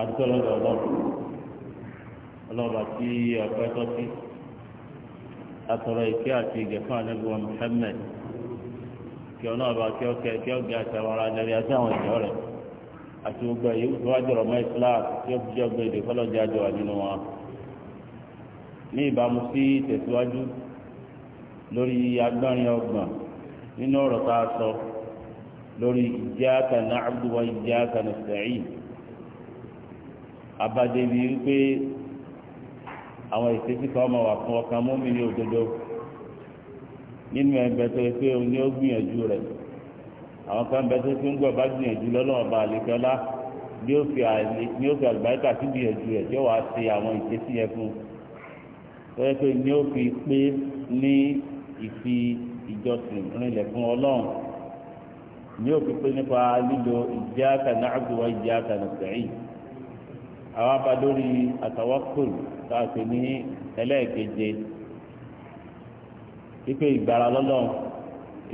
adúgbò lọ́dọ̀ ọlọ́run ọlọ́ba tí ọpẹ́ tọ́ sí atọ̀rọ̀ ìkẹ́ àti ìgẹ̀fún anábíwọ̀n Muhammad kí ọlọ́ba kí ọkẹ kí ọgẹ àtàwọn ará lẹ́rí àti àwọn ìjọ rẹ̀ àti gbogbo ẹ̀yẹ wọ́n wá jọ̀rọ̀ mọ́ Islam tí ó fi jẹ́ ọgbẹ́ èdè kọ́lọ́jà jọ wà nínú wọn. ní ìbámu sí tẹ̀síwájú lórí agbọ́nrin ọgbọ̀n nínú ọ̀rọ̀ tá a sọ lórí iyyaka na'budu wa iyyaka nasta'in abadebi wípé àwọn ìṣesí kan máa wà fún ọkàn mọ́mí ní òdodo nínú ẹgbẹ́ tó yẹ pé òun ni ó gbìyànjú rẹ̀ àwọn kan bẹ tó tó ń gbọ́ bá gbìyànjú lọ́lọ́wọ́ bá àlejòlá ni ó fi sí gbìyànjú rẹ̀ yóò wá ṣe àwọn ìṣesí yẹn fún un tó yẹ pé ni ó fi pé ní ìfi ìjọsìn rinlẹ̀ fún ọlọ́run ni ó fi pé nípa lílo iyyaka na'budu wa iyyaka nasta'in àwọn abá lórí àtàwákùl tá a pè ní ẹlẹ́ẹ̀keje ipe ìgbára lọ́lọ́run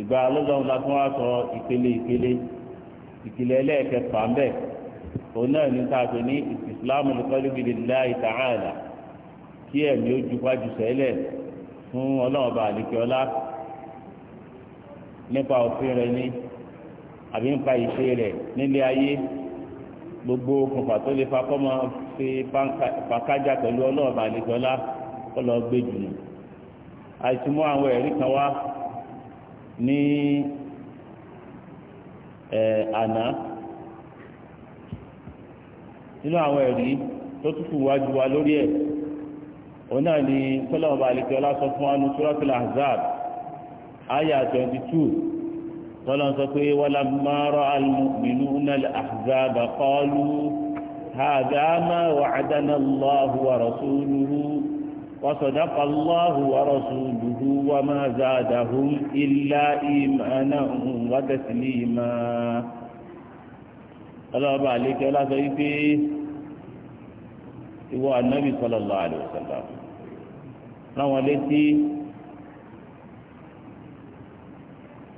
ìgbára lọ́lọ́run la tún wá sọ ìpele ìpele ìpele ẹlẹ́ẹ̀kẹfà ń bẹ̀ òun náà ní tá a pè ní ìsìlámù lùkọ́lù billahi ta'ala kí ẹ̀mí ó ju wájú sẹ́lẹ̀ fún ọlọ́ọ̀bà àdìkẹ́ọ́lá nípa òfin rẹ̀ ní àbí nípa ìṣe rẹ̀ nílé ayé gbogbo okùnfà tó lè fa kọ́mọ fi fàkájà pẹ̀lú ọlọ́ọ̀bà àlejòlá kọ́ lọ gbé jùlọ àìsùnmọ́ àwọn ẹ̀rí kan wá ní àná nínú àwọn ẹ̀rí tó tútù wájú wa lórí ẹ̀ òun náà ni kọ́lọ́ọ̀bà àlejòlá sọ fún wa ní suratul ahzab aya twenty two tọ́lọ́ sọ pé walamma ra'al mu'minuna al-ahzaba qalu hadha ma wa'adana Allahu wa rasuluhu wa sadaqa Allahu wa rasuluhu wa ma zadahum illa imanan wa taslima ọlọ́ọ̀bà àlékẹ́ lásán yìí pé ìwọ ànábì sallallahu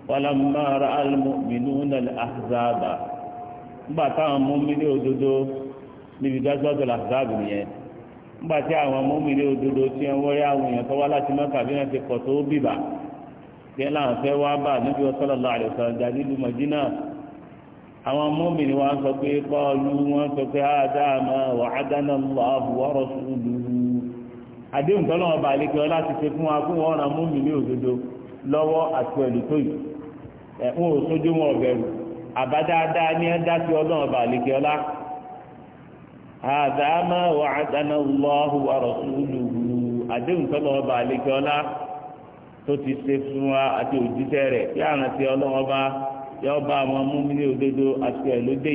walamma ra'a al-mu'minuna al-ahzaba nígbà táwọn mọ́mílẹ̀ òdodo níbi gásọ́tò làzáàbù yẹn nígbà tí àwọn mọ́mílẹ̀ òdodo tí wọ́n wọ́yá àwọn èèyàn tó wá láti mọ́kà bí wọ́n ti kọ̀ tó bìbà tí wọ́n láwọn fẹ́ wá bá níbi sallallahu alaihi wasallam dàdí lu wa sọ wa rasuluhu ẹ̀fún òṣojú wọn ọ̀bẹ̀rù àbádáadáa ní ẹ dá sí ọba àlejò ọlá àdá máa wà ádánà lọ́hùn àròsúlùú àdéhùn tọ́lọ́ ọba àlejò ọlá tó ti ṣe fún wa àti òjíṣẹ́ rẹ̀ kí ti ọba yọ àwọn múmílẹ̀ òdodo àti ẹ̀lódé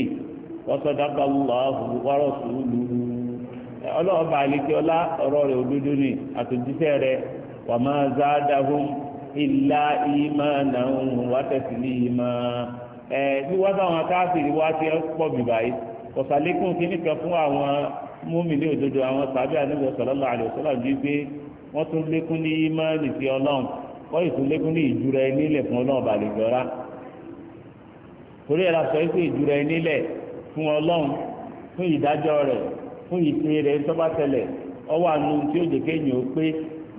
ọlá ọ̀rọ̀ rẹ̀ òdodo àtòjíṣẹ́ rẹ̀ wà máa ìlà ìmánan wa taslima ẹ̀ wíwá táwọn káfíìrì wá ti pọ̀ jù báyìí ọ̀sàlékún kí nìkan fún àwọn mùmínì òdodo àwọn tàbí ànábì sallallahu alaihi wasallam bíi pé fún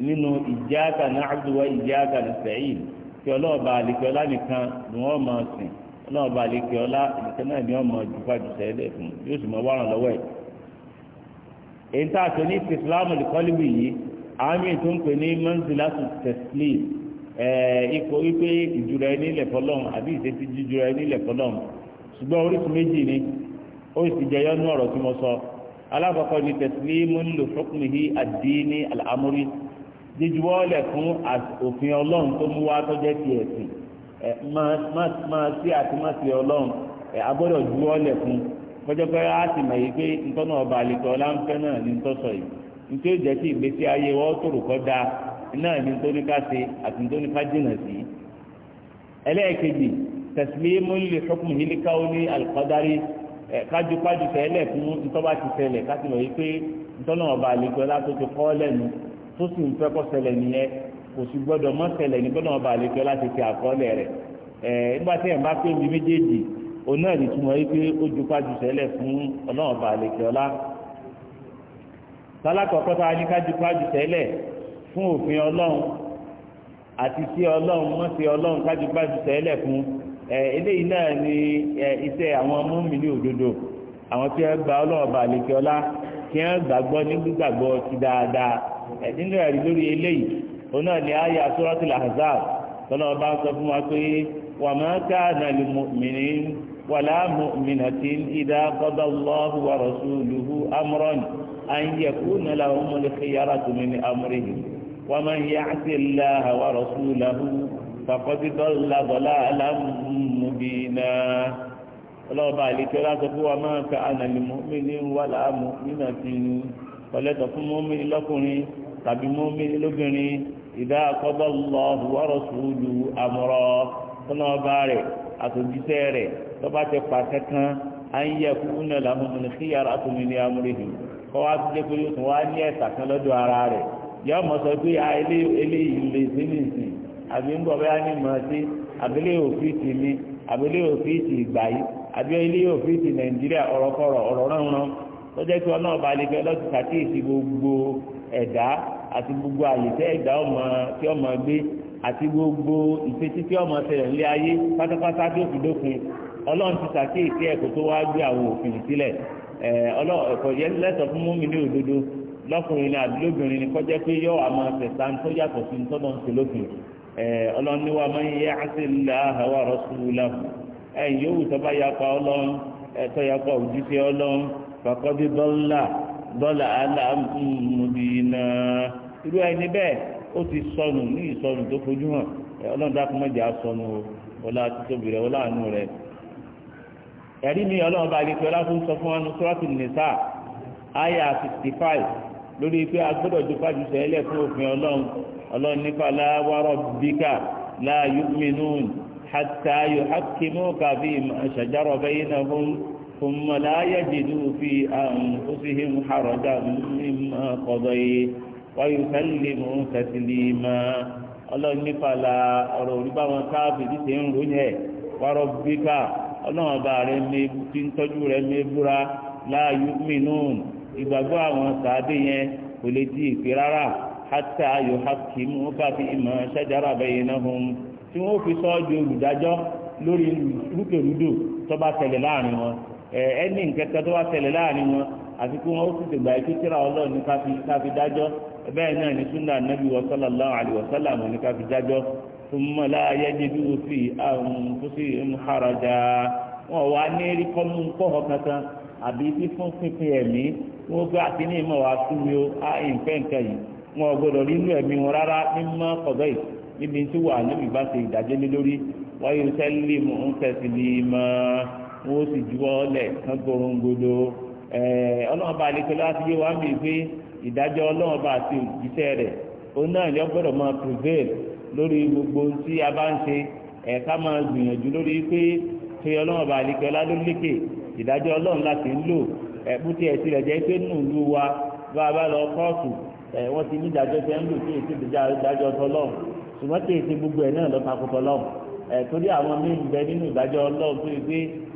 nínú iyyaka na'budu wa iyyaka nasta'in kí ọlọ́ọ̀bà àlekẹ́ọ́lá nìkan ni wọ́n máa sìn ọlọ́ọ̀bà àlekẹ́ọ́lá nìkan náà ni wọ́n máa jùfà jù sẹ́lẹ̀ fún yóò sì máa wárán lọ́wọ́ ẹ̀. èyí tá a sọ ní ìsìlámù lìkọ́lìwì yìí àmì tó ń pè ní manzilatu taslim ipò wípé ìjùrọ̀ ẹni ilẹ̀ fọlọ́m àbí ìṣètì jíjùrọ̀ ẹni ilẹ̀ fọlọ́m ṣùgbọ́n orísun méjì ni ó sì jẹyọ nú ọ̀rọ̀ tí mo sọ alákọ̀ọ́kọ́ ni taslimun li hukmihi ad-dini jíjuwọ́lẹ̀ fún òfin ọlọ́run tó mú wá tọ́jẹ́ ti ẹ̀sìn máa sí àti máa sí ọlọ́run agbọ́dọ̀ fún á sì mọ̀ yìí pé ntọ́nà ọba náà ntọ́sọ yìí nítorí jẹ́ ìgbésí ayé wọ́n kọ́ da náà àti jìnà sí. ẹlẹ́ẹ̀kejì tẹ̀sílẹ́mú lè fọkùn yìí káwọn ní fún ntọ́ba ti ká sì mọ̀ yìí pé ntọ́nà ọba tó sì ń fẹ́ kó ṣẹlẹ̀ nìyẹn kò sì gbọ́dọ̀ mọ́ ṣẹlẹ̀ ní gbọ́dọ̀ ọba àlejò láti fi àkọọ́lẹ̀ rẹ̀ ẹ̀ nígbà tí ẹ̀ bá pé omi méjèèjì òun náà lè túmọ̀ yí pé ó ju pájú sẹ́lẹ̀ fún ọlọ́run ọba àlejò ọlá sálákọ̀ọ́kọ́ tá a ní ká ju pájú sẹ́lẹ̀ fún òfin ọlọ́run àti sí ọlọ́run mọ́ sí ọlọ́run ká ju pájú sẹ́lẹ̀ fún ẹ̀ eléyìí náà ni iṣẹ́ àwọn mùmínì òdodo àwọn tí wọ́n gba ọlọ́run ọba àlejò ọlá tí wọ́n gbàgbọ́ ní ti dáadáa ẹ̀dín náà rí lórí eléyìí òun náà ni àyà suratul ahzab tọ́lá ọba sọ fún wa pé wa ma kana lil mu'minin wala mu'minatin idha qada Allahu wa rasuluhu amran an yakuna lahumul khiyaratu min amrihim wa man ya'si Allaha wa rasulahu faqad dalla dalalan mubina ọlọ́ọ̀bá àlekẹ́ láti fún wa máa ka ànàlìmọ́ mi ní wàhálà mọ́ nínà tí pẹ̀lẹ́tọ̀ fún mọ́mí lọ́kùnrin tàbí mọ́mìnì lóbìnrin ìdá àkọ́bọ̀ lọ wọ́rọ̀ sùúrù àmọ́rọ̀ tọ́nà ọba rẹ̀ àtòjíṣẹ́ rẹ̀ tọ́ba ti pàṣẹ kan ayé kúnlẹ̀ làmúnú kí yàrá tómi ní amúrèhì kọ́ wá dé pé yóò tún wá ní ẹ̀sà kan lọ́dọ̀ ara rẹ̀ yọ ọmọ sọ pé eléyìí lè sí nìsín àbí ń bọ̀ bẹ́ẹ̀ ní mọ̀ sí àbílẹ̀ òfíìsì mi àbílẹ̀ òfíìsì ìgbà yìí àbí ilé òfíìsì nàìjíríà ọ̀rọ̀kọ̀rọ̀ ọ̀rọ̀ ránran tó jẹ́ pé ọlọ́ọ̀bá lè fẹ́ lọ́sùn kàkíyèsí gbogbo ẹ̀dá àti gbogbo àyètẹ́ ẹ̀dá ọmọ tí ọmọ gbé àti gbogbo ìfetí tí ọmọ tẹ̀lé ńlé ayé pátápátá tó ọlọ́run ti sàkíyèsí ẹ̀kọ́ tó wá gbé àwọn òfin sílẹ̀ lẹ́sọ̀ fún ní òdodo lọ́kùnrin àdúlóbìnrin kọjá pé yọ àmọ́ tó yàtọ̀ sí tọ́nà ń ṣe lófin ọlọ́run máa ń yẹ dọ́là ala mùdìínà irú ẹni bẹ́ẹ̀ ó ti sọnù ní ìsọnù tó fojú hàn ọlọ́run dákun mọ́jà sọnù ọlá títóbi rẹ̀ ọlá àánú rẹ̀ ẹ̀rí mi ọlọ́run bá lè pe ọlá fún sọ fún wọn sọ́ọ́tì nìsà àyà sixty five lórí n'ifala a gbọ́dọ̀ ju fájú sẹ́lẹ̀ fún òfin ọlọ́run ọlọ́run nípa ثم لا يجدوا في أنفسهم حرجا مما قضيت ويسلموا تسليما ọlọ́run nípa la ọ̀rọ̀ orí bá wọn ẹni nkẹkẹ tó wá tẹ̀lé láàrin wọn àti kí ó sì ọlọ́run ní dájọ́ bẹ́ẹ̀ náà ní wa sallallahu alayhi wa ní dájọ́ la yajidu fi anfusihim haraja wọn wá ní rí kọ́mú kọ́họ kankan àbí fífún pínpín ẹ̀mí wọn gbé àti ní ìmọ̀ wá fún mi ó á ìǹfẹ́ nǹkan yìí wọn gbọdọ̀ rí ẹ̀mí wọn rárá mímọ́ kọ̀dọ̀ yìí níbi tí wà níbi bá ṣe wọn ó sì juwọ́ lẹ̀ kán gorongodo ọlọ́run bá lè pẹ̀lú àti yé wa mí pé ìdájọ́ ọlọ́run bá àti òjíṣẹ́ rẹ̀ òun náà yọ gbọ́dọ̀ máa prevail lórí gbogbo tí a bá ń ṣe ẹ̀ka máa gbìyànjú lórí pé ṣe ọlọ́run bá lè pẹ̀lú àlọ́ lékè ìdájọ́ ọlọ́run láti ń lò ẹ̀kú tí ẹ̀ tilẹ̀ jẹ́ pé nù lù wa bá a bá lọ kóòtù ẹ̀ wọ́n ti ní ìdájọ́ tẹ́ ń lò tí èsì ìdájọ́ tọlọ́run ṣùgbọ́n tí èsì gbogbo ẹ̀ náà lọ́ takò tọlọ́run ẹ̀ torí àwọn míì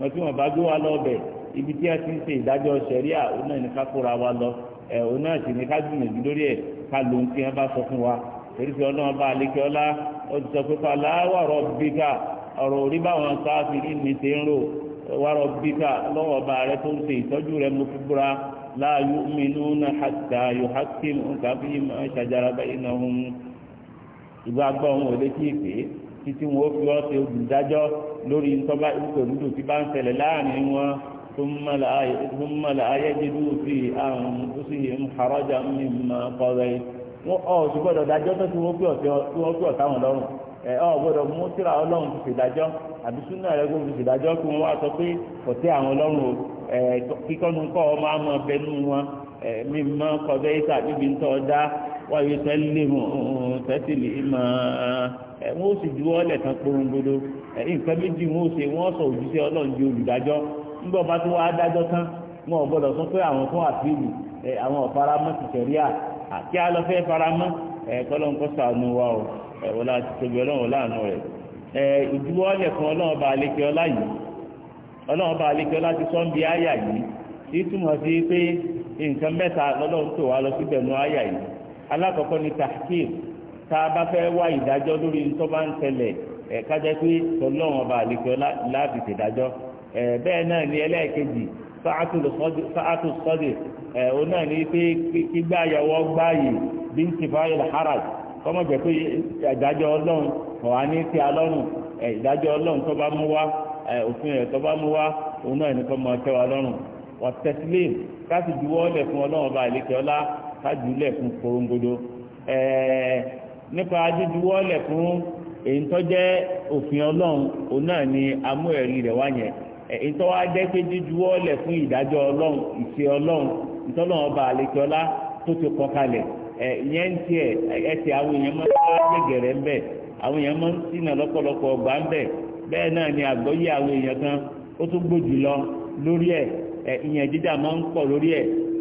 wọn tí wọn bá gbé wa lọ bẹ ibi tí a ti ń ṣe ìdájọ́ náà ní ká kóra wa lọ ẹ òun náà sì ní ká gbìyànjú lórí ẹ ká lóun tí wọn bá sọ fún wa bá ọlá ó ti sọ pé bíkà ọ̀rọ̀ títí wọn ó fi ọ́ ṣe olùdájọ́ lórí ntọ́ba ìrúkòrúdò tí bá ń ṣẹlẹ̀ láàrin wọn tó mọ̀lá ayéjìdú fi àrùn tó sì ń harajà mímọ́ kọ́rẹ́ wọn ọ̀ sì gbọ́dọ̀ dájọ́ tó ti wọ́n pè ọ̀tá wọn lọ́rùn ẹ ọ̀ gbọ́dọ̀ mú síra ọlọ́run ti ṣèdájọ́ àbí súnà rẹ gbọ́dọ̀ ṣèdájọ́ kí wọ́n wá sọ pé kò sí àwọn lọ́rùn o kíkọ́nu kọ́ ọ máa mọ bẹnu wọn mímọ́ kọ́rẹ́ ìta níbi ń tọ́ ọ dá wáyé tẹ́lẹ̀ mọ̀ tẹ́tìlì wọ́n sì ju ọ́lẹ̀ kan nǹkan méjì wọ́n ṣe wọ́n sọ ọlọ́run di olùdájọ́ nígbà bá tí wọ́n á dájọ́ tán gbọ́dọ̀ sọ pé àwọn fún àfihàn àwọn ọ̀faramọ́ ti àti faramọ́ kọ́lọ́n kọ́ sànù wa o ẹ̀ wọ́n láti tóbi ọlọ́run láàánú rẹ̀ ẹ̀ ìdúró ọ̀lẹ̀ ọlọ́run bá alákọ̀ọ́kọ́ ni tahkim tá a bá fẹ́ wá ìdájọ́ lórí tó bá ń tẹ̀lẹ̀ ẹ̀ kájẹ́ pé tọ́lọ́wọ́n ọba àlekọ́ láti ṣèdájọ́ ẹ̀ bẹ́ẹ̀ náà ni ẹlẹ́ẹ̀kejì fa'atu sọ́dẹ̀ ẹ̀ o náà ni pé kígbà yọwọ́ gbáyè bí ń tìfà yọ̀ haraj kọ́mọ̀ jẹ́ pé ìdájọ́ ọlọ́run kọ̀ wá ní ti alọ́run ẹ̀ ìdájọ́ ọlọ́run tó bá mú wá ẹ̀ òfin rẹ̀ tó bá mú wá òun náà ni kọ́ mọ̀ tẹ́wà lọ́rùn wọ́n tẹ̀sílẹ̀ káàsì juwọ́ lẹ̀ fún ọlọ́run ọba àlekọ́ kájúlẹ̀ fún korongodo ẹ̀ẹ́ nípa jíjuwọ́lẹ̀ fún èyí tó jẹ́ òfin ọlọ́run òun náà ni amú ẹ̀rí rẹ̀ wá yẹn èyí tó wá jẹ́ pé fún ìdájọ́ ọlọ́run ìṣe ọlọ́run ìtọ́lọ́run ọba àlekíọ́lá tó ti kọ kalẹ̀ ń tiẹ̀ àwọn èèyàn máa ń ọgbà ń bẹ̀ bẹ́ẹ̀ ni àwọn èèyàn kan ó tún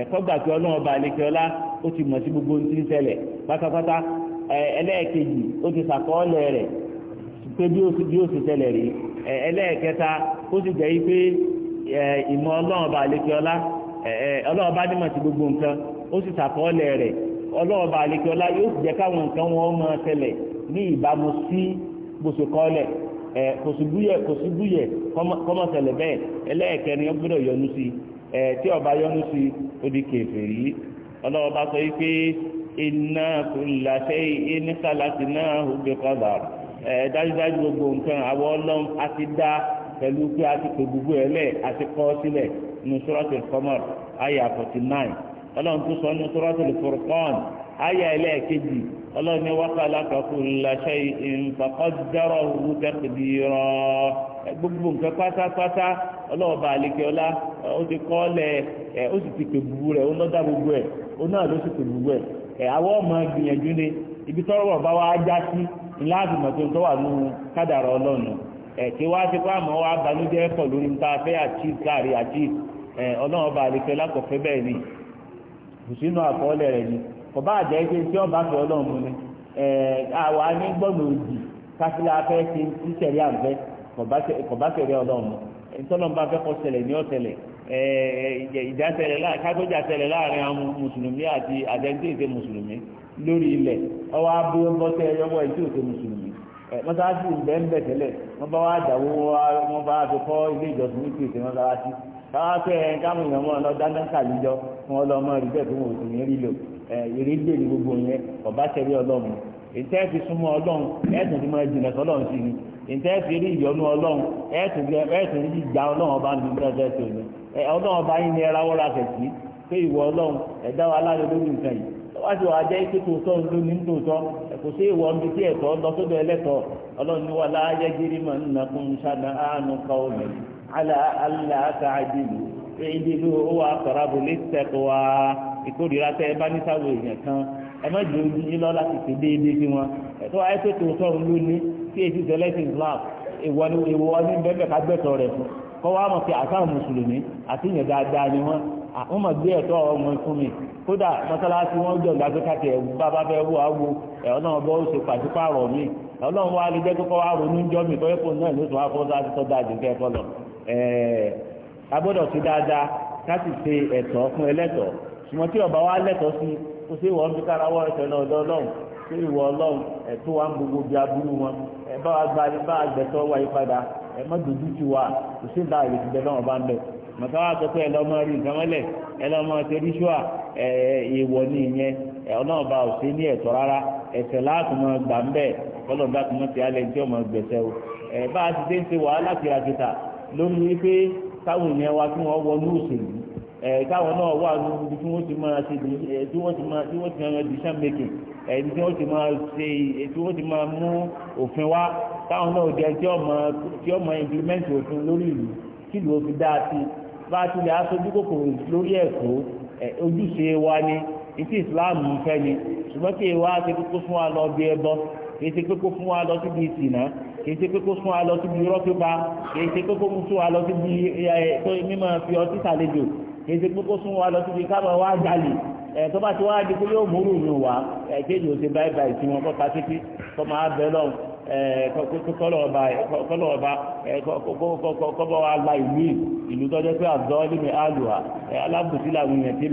ẹ̀kọ́ gbà pé ọlọ́run ọba àlekẹ́ọ́lá ó ti mọ̀ sí gbogbo ohun tí ń ṣẹlẹ̀ pátápátá ẹlẹ́ẹ̀kejì ó ti sàkọọ́lẹ̀ rẹ̀ pé bí ó sì ṣẹlẹ̀ rí ẹlẹ́ẹ̀kẹta ó ti jẹ́ pé ìmọ̀ ọlọ́run ọba àlekẹ́ọ́lá nímọ̀ sí gbogbo nǹkan ó sì sàkọọ́lẹ̀ rẹ̀ yóò sì jẹ́ káwọn nǹkan wọn ní ìbámu sí ẹlẹ́ẹ̀kẹrin yọnu sí i ẹ̀ tí ọba yọ́nú sí odi kèfèrí ọlọ́wọ́ bá sọ wípé inna kulla shay'in khalaqnahu bi qadar ẹ̀ dájúdájú gbogbo nǹkan àwọn ọlọ́run a ti dá pẹ̀lú pé a ti pè gbogbo ẹ̀ lẹ̀ a ti kọ́ sílẹ̀ nínú suratul Qamar àyà forty nine ọlọ́run tó sọ nínú suratul Furqan àyà ẹlẹ́ẹ̀kejì ọlọ́run ní wa khalaqa kulla shay'in faqaddarahu gbogbo nǹkan pátápátá ọlọ́ọ̀bà àlekẹ́ọ́lá ó ti kọ́ lẹ̀ ẹ̀ ó sì ti pè gbogbo rẹ̀ ó gbogbo ẹ̀ náà ló sì pè gbogbo ẹ̀ ọmọ gbìyànjú ni ibi tọrọ bá wá já sí láti mọ̀ tó ń tọ́wà nù kádàrá ọlọ́run ẹ̀ kí wá sí pàmò wá banújẹ́ pọ̀ lórí nípa fẹ́ àti káàrí àti ẹ̀ bẹ́ẹ̀ ni rẹ̀ ni ìtọ́lọ́mbà fẹ́kọ̀ ṣẹlẹ̀ ní ọ̀tẹ̀lẹ̀ ìjàtẹ̀lẹ̀ kágbéjàtẹ̀lẹ̀ láàrin àwọn mùsùlùmí àti àtẹ̀ntì ètè mùsùlùmí lórí ilẹ̀ ọwọ́ abó ń bọ́ sẹ́ ẹyọ́wọ́ ètò ètè mùsùlùmí mọ́sáàsì ìgbẹ́ ń bẹ̀ tẹ́lẹ̀ wọ́n bá wá dàwó wọ́n bá fi kọ́ ilé ìjọsìn ní tètè mọ́sáàsì káwá pé ẹ káwọn èèyàn wọn lọ dáná kàlíjọ wọn lọ mọ ìrìbẹ̀ tó wọn ò sì ní rí lò ìrìbẹ̀ ní gbogbo yẹn ọ̀bá tẹ̀lé ọlọ́run ìtẹ́ fi súnmọ́ ọlọ́run ẹ̀sùn ti máa jìnà sọlọ́run sí ni ìtẹ́ fi rí ìyọnu ọlọ́run ẹ̀sùn rí ìgbà ọlọ́run ọba nínú ẹ̀sẹ̀ tó ní ọlọ́run ọba yín ni ẹ ráwọ́ ra kẹ̀sí pé ìwọ ọlọ́run ẹ̀dá wa láre lórí nǹkan yìí wájú wa jẹ́ ló ní kò sí ìwọ ibi ìkórìíra tẹ ẹ bá ní sáwọ èèyàn kan ẹ má jẹ ojú yín lọ láti ṣe déédéé sí wọn ẹ̀tọ́ ayé tó tó sọ̀rọ̀ lónìí tí èsì sẹlẹsìn Islam ìwọ ni ìwọ ni bẹbẹ ká gbẹtọ rẹ fún kọ wá mọ pé àtàwọn mùsùlùmí àti ìyẹn dáadáa ni wọn àwọn mọ gbé ẹ̀tọ́ ọmọ fún mi kódà mọ́sálásí wọn jọ ìdájọ káàkiri ẹwù bàbá fẹ wọ àwọ ẹ Ọlọ́run bọ ó ṣe pàṣípààrọ̀ mi Ọlọ́run wa lè jẹ kókó wa ronú jọ mi kọ ẹkọ náà ló tún wá fọwọ́ sáà tó dáa jù kẹfọ lọ ẹ agbọ́dọ̀ ti dáadáa ká sì ṣe ẹ̀tọ́ fún ẹlẹ́tọ̀ọ́ ṣùgbọ́n tí ọba wa lẹ́tọ̀ọ́ sí kó sí ìwọ ń fi kára náà ọ̀dọ̀ ọlọ́run sí ìwọ ọlọ́run ẹ̀tọ́ wa ń gbogbo bí aburú wọn ẹ bá wa gba bá a gbẹ̀tọ́ wa yí padà ẹ má dojú ti wa kò sí ìdá ìrètí bẹ́ẹ̀ náà ń bẹ̀ wa sọ pé ẹ lọ́mọ rí nǹkan mọ́lẹ̀ ẹ lọ́mọ káwọn náà wà lóhun ibi tí wọ́n ti máa ṣe tí wọ́n ti máa tí wọ́n ti máa decision making ẹni tí wọ́n ti máa ṣe tí wọ́n ti máa mú òfin wá káwọn náà jẹ tí ọmọ tí ọmọ implement òfin lórí ìlú kí ìlú òfin dáa sí bá a ti lè aṣojú kòkòrò lórí ẹ̀kọ́ ojúṣe wa ni ìtì Islam fẹ́ ni ṣùgbọ́n kí ìwà ti kókó fún wa lọ bí ẹbọ kì í ṣe kókó fún wa lọ síbi ìsìnà kì í ṣe kókó fún wa lọ síbi irọ́ pípa kì í ṣe kókó fún wa lọ síbi mímọ fi ọtí sàlejò kéde kókó sún wa lọ síbi káàbọ̀ wá jalè ẹ̀ tó ti wá di pé ṣe báyìí báyìí ta kọ́lọ̀ ọba ọba ìlú ìlú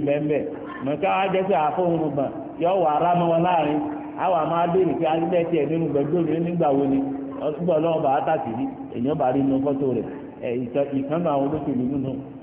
pé mọ̀ká á jẹ́ yọ wà ará mọ́ wọn láàrin àwọn àmọ́ abéèrè pé alẹ́ tiẹ̀ nínú gbẹ̀gbẹ̀rún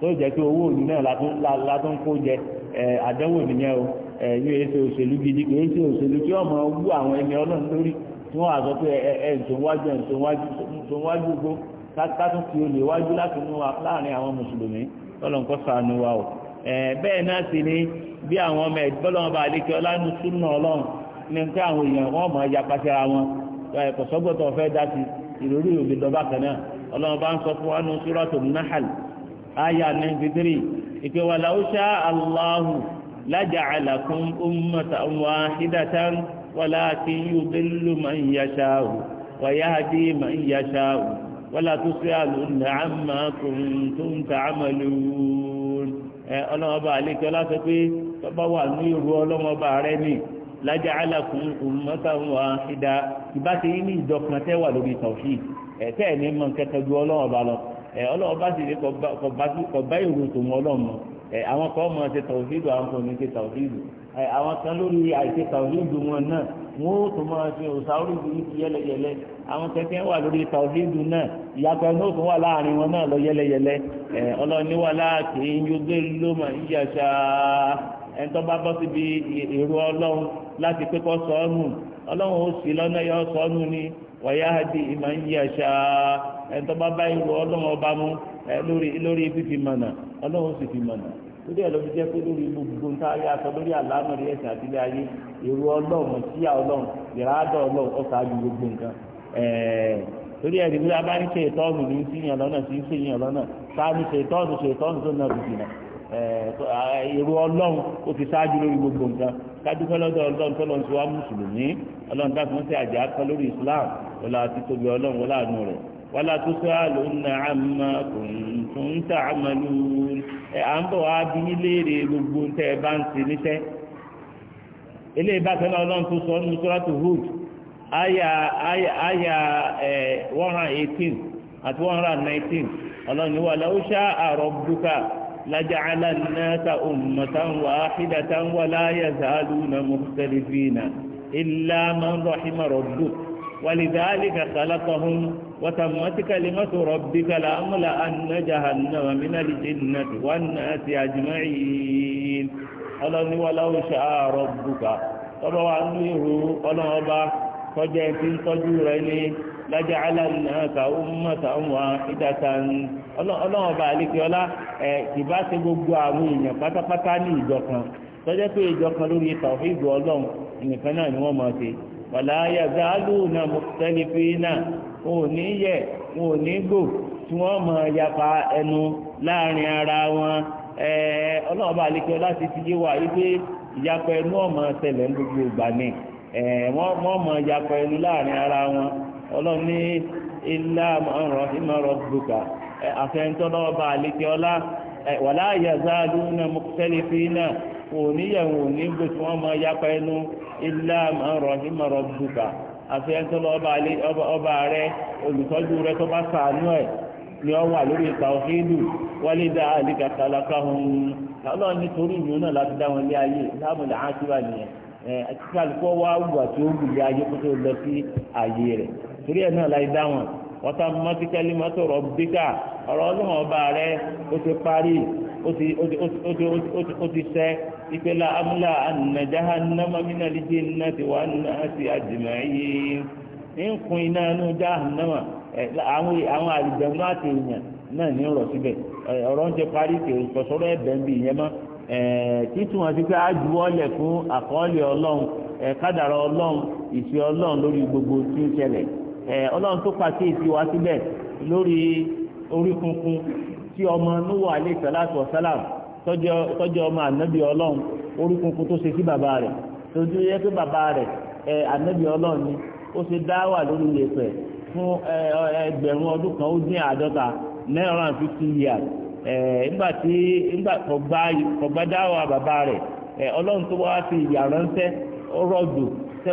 tó jẹ́ pé owó òní náà látún kó jẹ àdánwò nìyẹn o ẹ̀yìn èso òṣèlú gidi kì í ṣe òṣèlú tí ọmọ wú àwọn ẹni ọlọ́run lórí tí wọ́n àzọ pé ẹ̀ ǹtòwájú ǹtòwájú gbó látún fi olè wájú láti mú wa láàrin àwọn mùsùlùmí tọ́lọ̀ nǹkan sànù wa o bẹ́ẹ̀ náà sì ni bí àwọn ọmọ ẹ̀dọ́lọ́wọ́n bá lékè ọlánú súnà ọlọ́run ní nǹkan àwọn èèyàn wọn mọ̀ ẹja pàṣẹra wọn kọ̀sọ́gbọ̀tọ̀ fẹ́ dá sí ìrírí òbí dọ́bà kan náà ọlọ́run bá ń sọ fún wa nù Suratul Nahl aya 93 ìpè wà láwùṣà aláhù lájà àlàkùn ummata wahidatan walakin yudillu man yasha'u wa yahdi man yasha'u wala tus'aluna amma kuntum ta'malun ọlọ́mọba àlekẹ́ ọlá sọ pé tọ́ba wà ní ìrú ọlọ́mọba rẹ ni lájà àlàkùn ummata wahida ìbá ti ní ìjọ kan tẹ́ wà lórí tawhid ẹ̀ ní mọ̀ kẹtẹ́jú ọlọ́mọba lọ ẹ ọba bá sì lè kọ bá ìrù tó mọ ọlọ́run mọ ẹ àwọn kan mọ ṣe tàwùfíìdù àwọn kan ní ṣe tàwùfíìdù àwọn kan lórí àìṣe tàwùfíìdù wọn náà wọn ó tó máa ṣe ní ti yẹlẹyẹlẹ àwọn kẹkẹ wà lórí tàwùfíìdù náà ìyàtọ̀ wà láàrin wọn náà lọ yẹlẹyẹlẹ wà láàkì ẹ̀ńtọ́ bá bọ́ síbi èrò ọlọ́run láti pé kọ́ ọlọ́run ó sì lọ́nà yọ sọ ni wọ̀yá di ìmọ̀ ń yí ẹ̀ṣà ẹ̀ńtọ́ bá bá èrò ọlọ́run ọba mú lórí lórí fífi mọ̀nà ọlọ́run sì fi mọ̀nà lórí ẹ̀ ló fi jẹ́ pé lórí gbogbo nǹkan ayé aṣọ lórí àlámọ̀ rí ẹ̀ṣà àtìlẹ̀ ayé èrò ọlọ́run síyà ọlọ́run ìrádọ̀ ọlọ́run ọ̀sà bá ṣe ìtọ́nù ní èrò ọlọ́run ó ti ṣáájú lórí gbogbo nǹkan kádúpẹ́ lọ́dọ̀ ọlọ́run tó lọ́n ti wá mùsùlùmí ọlọ́run islam wọlá ti tóbi ọlọ́run wọlá àánú rẹ̀ wọlá tó sọ àlọ́ nà àmà kò tà àmà lóhùn ẹ̀ à ń bọ̀ wá bí gbogbo tẹ́ ẹ bá ń ṣe níṣẹ́ eléyìí bá tẹ́lẹ̀ ọlọ́run tó sọ nínú sọ́ràtù hood àyà one hundred eighteen لجعل الناس أمة واحدة ولا يزالون مختلفين إلا من رحم ربك ولذلك خلقهم وتمت كلمة ربك لأملأن جهنم من الجنة والناس أجمعين ọlọ́ni wọ́n láwọn ṣe àárọ̀ bùkà tọ́bọ̀ wà ní ìrù ọlọ́ọba tọ́jẹ́ tí ọlọ́run ọba àlekè ọlá ẹ̀ ìbá ṣe gbogbo àwọn èèyàn pátápátá ní ìjọ kan tọ́jẹ́ pé ìjọ kan lórí tàwíìdù ọlọ́run nìkan náà ni wọ́n máa ṣe wàlá yàgbá lóòna mọ̀tẹ́lifínà wọn ò ní yẹ wọn ò ní gbò tí wọ́n máa yapa ẹnu láàrin ara wọn ọlọ́run ọba àlekè ọlá ti ti yé wa yí pé ìyapa ẹnu ọmọ ṣẹlẹ̀ ń gbogbo ìgbà ni wọ́n mọ ìyapa ẹnu láàrin ara àfẹnitọ́lọ́ọ̀bà àlejò ọlá wàlá àyàzá lónà mọ́kútẹ́lẹ̀ fínà òníyàwó ní gbèsè wọn máa yapa ẹnu ilá rọ̀hìmọ̀rọ̀ bùkà àfẹnitọ́lọ́ ọba rẹ olùtọ́jú rẹ tó bá sàánú ẹ̀ ni ọ wà lórí tàwọ́hídù wálé dá àlíkà kàlákà hùn lọ́lọ́ nítorí ìlú láti dá wọn lé ayé láàmúlẹ̀ àkíwá nìyẹn àti kálukọ́ wá wùwà tí ó wù wọ́tá mọ́tíkẹ́lì mọ́tò rọ̀bíkà ọ̀rọ̀ ọlọ́run ọba rẹ ó ti parí ó ti sẹ́ ìpele amúlá ànàjáhà nàmàmínà lìjì nàti wà nàti àjùmọ̀ yìí ń kun iná inú jahannama àwọn àlùjẹ̀mú àti èèyàn náà ní ọ̀rọ̀ síbẹ̀ ọ̀rọ̀ ń parí kèrè ẹ̀bẹ̀ ń bì yẹn mọ́ títún àti pé fún àkọọ́lẹ̀ ọlọ́run ọlọ́run ìfẹ́ gbogbo tí ń ṣẹlẹ̀ ọlọ́run tó pàṣẹ ìsìn wá síbẹ̀ lórí orí funfun tí ọmọ salatu wa tọ́jú ọmọ ànábì ọlọ́run orí funfun tó ṣe sí bàbá rẹ̀ tójú yẹ pé fún ẹgbẹ̀rún ọdún kan ó dín àádọ́ta and years nígbà tí nígbà dá wà bàbá rẹ̀ ọlọ́run tó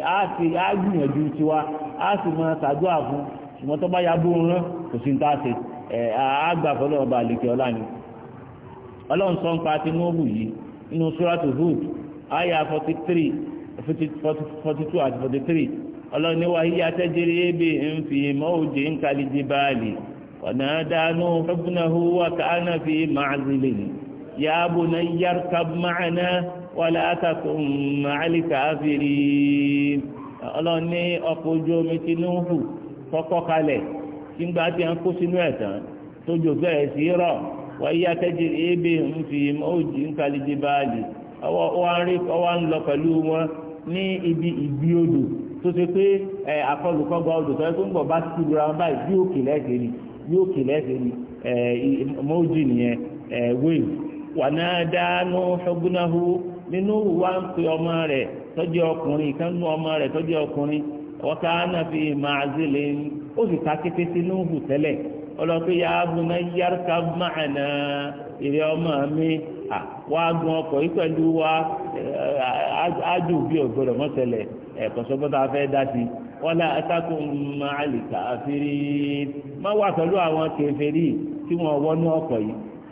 a ti á gbìyànjú tiwa sì mọ ṣàdúrà fún ṣùgbọ́n tó bá ya rán kò sí nta ṣe ẹ̀ á gbà fọlọ́wọ́ n'obu ọlá ni ọlọ́run sọ ń pa ti 43. yìí nínú suratu Hud ebe forty ma àti forty ọlọ́run ní wàá yíyá ebè fi ń kalẹ̀ dé báàlì ọ̀nà wala takum ma'al kafirin ọlọ́run ní ọkọ̀ ojú omi Tinubu kọ́kọ́ kalẹ̀ tí ń gba ti ń kó sínú ẹ̀ tán tójú bẹ́ẹ̀ sí rọ̀ wáyé atẹ́jì ébè ń fi òjì ń kalẹ̀jì báàlì ọwọ́ ń lọ wọn ní ibi ìgbì odò tó ṣe pé ẹ odò tó ń bọ̀ bá ti wọn báyìí bí òkè lẹ́sẹ̀ ni bí òkè lẹ́sẹ̀ ni ẹ nínú wa ń pe ọmọ rẹ̀ tọ́jú ọkùnrin kan nú ọmọ rẹ̀ tọ́jú ọkùnrin ọ̀tá ànàfi màázìlẹ̀ ó sì ta kété sínú hù tẹ́lẹ̀ ọlọ́pẹ́ yà á bùnà yàrá máàna ìrẹ́ ọmọ mi wà á gun ọkọ̀ yìí pẹ̀lú wa ájú bí ògbọ́dọ̀ mọ́tẹ́lẹ̀ ẹ̀kọ́ sọ́gbọ́n tá a fẹ́ dá sí wọ́n lá atákùn máàlì káfírí má wà pẹ̀lú àwọn kèfèrí tí wọ́n wọ́nú ọkọ̀ yìí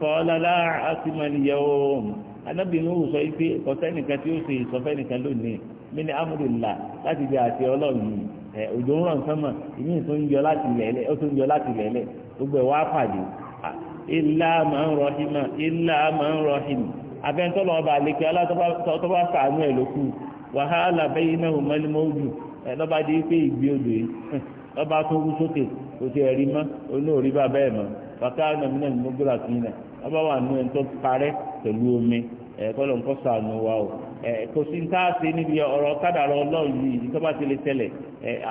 kọ́lá láàá sí máa níyà oòrùn anábìnrin ó sọ pé kọ́sẹ́nìkan tí ó ṣe ìsọfẹ́nìkan lónìí mí ní amúdùlá láti di àti ọlọ́run ẹ òjò ń rọ̀ sánmà ìmí tó ń yọ láti lẹ̀lẹ̀ ó tó ń yọ láti lẹ̀lẹ̀ gbogbo ẹ̀ wá pàdé ilá máa ń ilá máa ń abẹ́ńtọ́lọ́ ọba di pé ìgbé yìí lọ́ba tó sókè kò bàtà nàmínà nígbàgbọ́ra sí iná ọba wà nù ẹ̀ńtọ́ parẹ́ pẹ̀lú omi ẹ̀kọ́lọ̀ ń kọ́sà nù wa o kò sí tá a níbi ọ̀rọ̀ kádàrọ̀ ọlọ́run yìí ìdí tó bá ti lè tẹ̀lẹ̀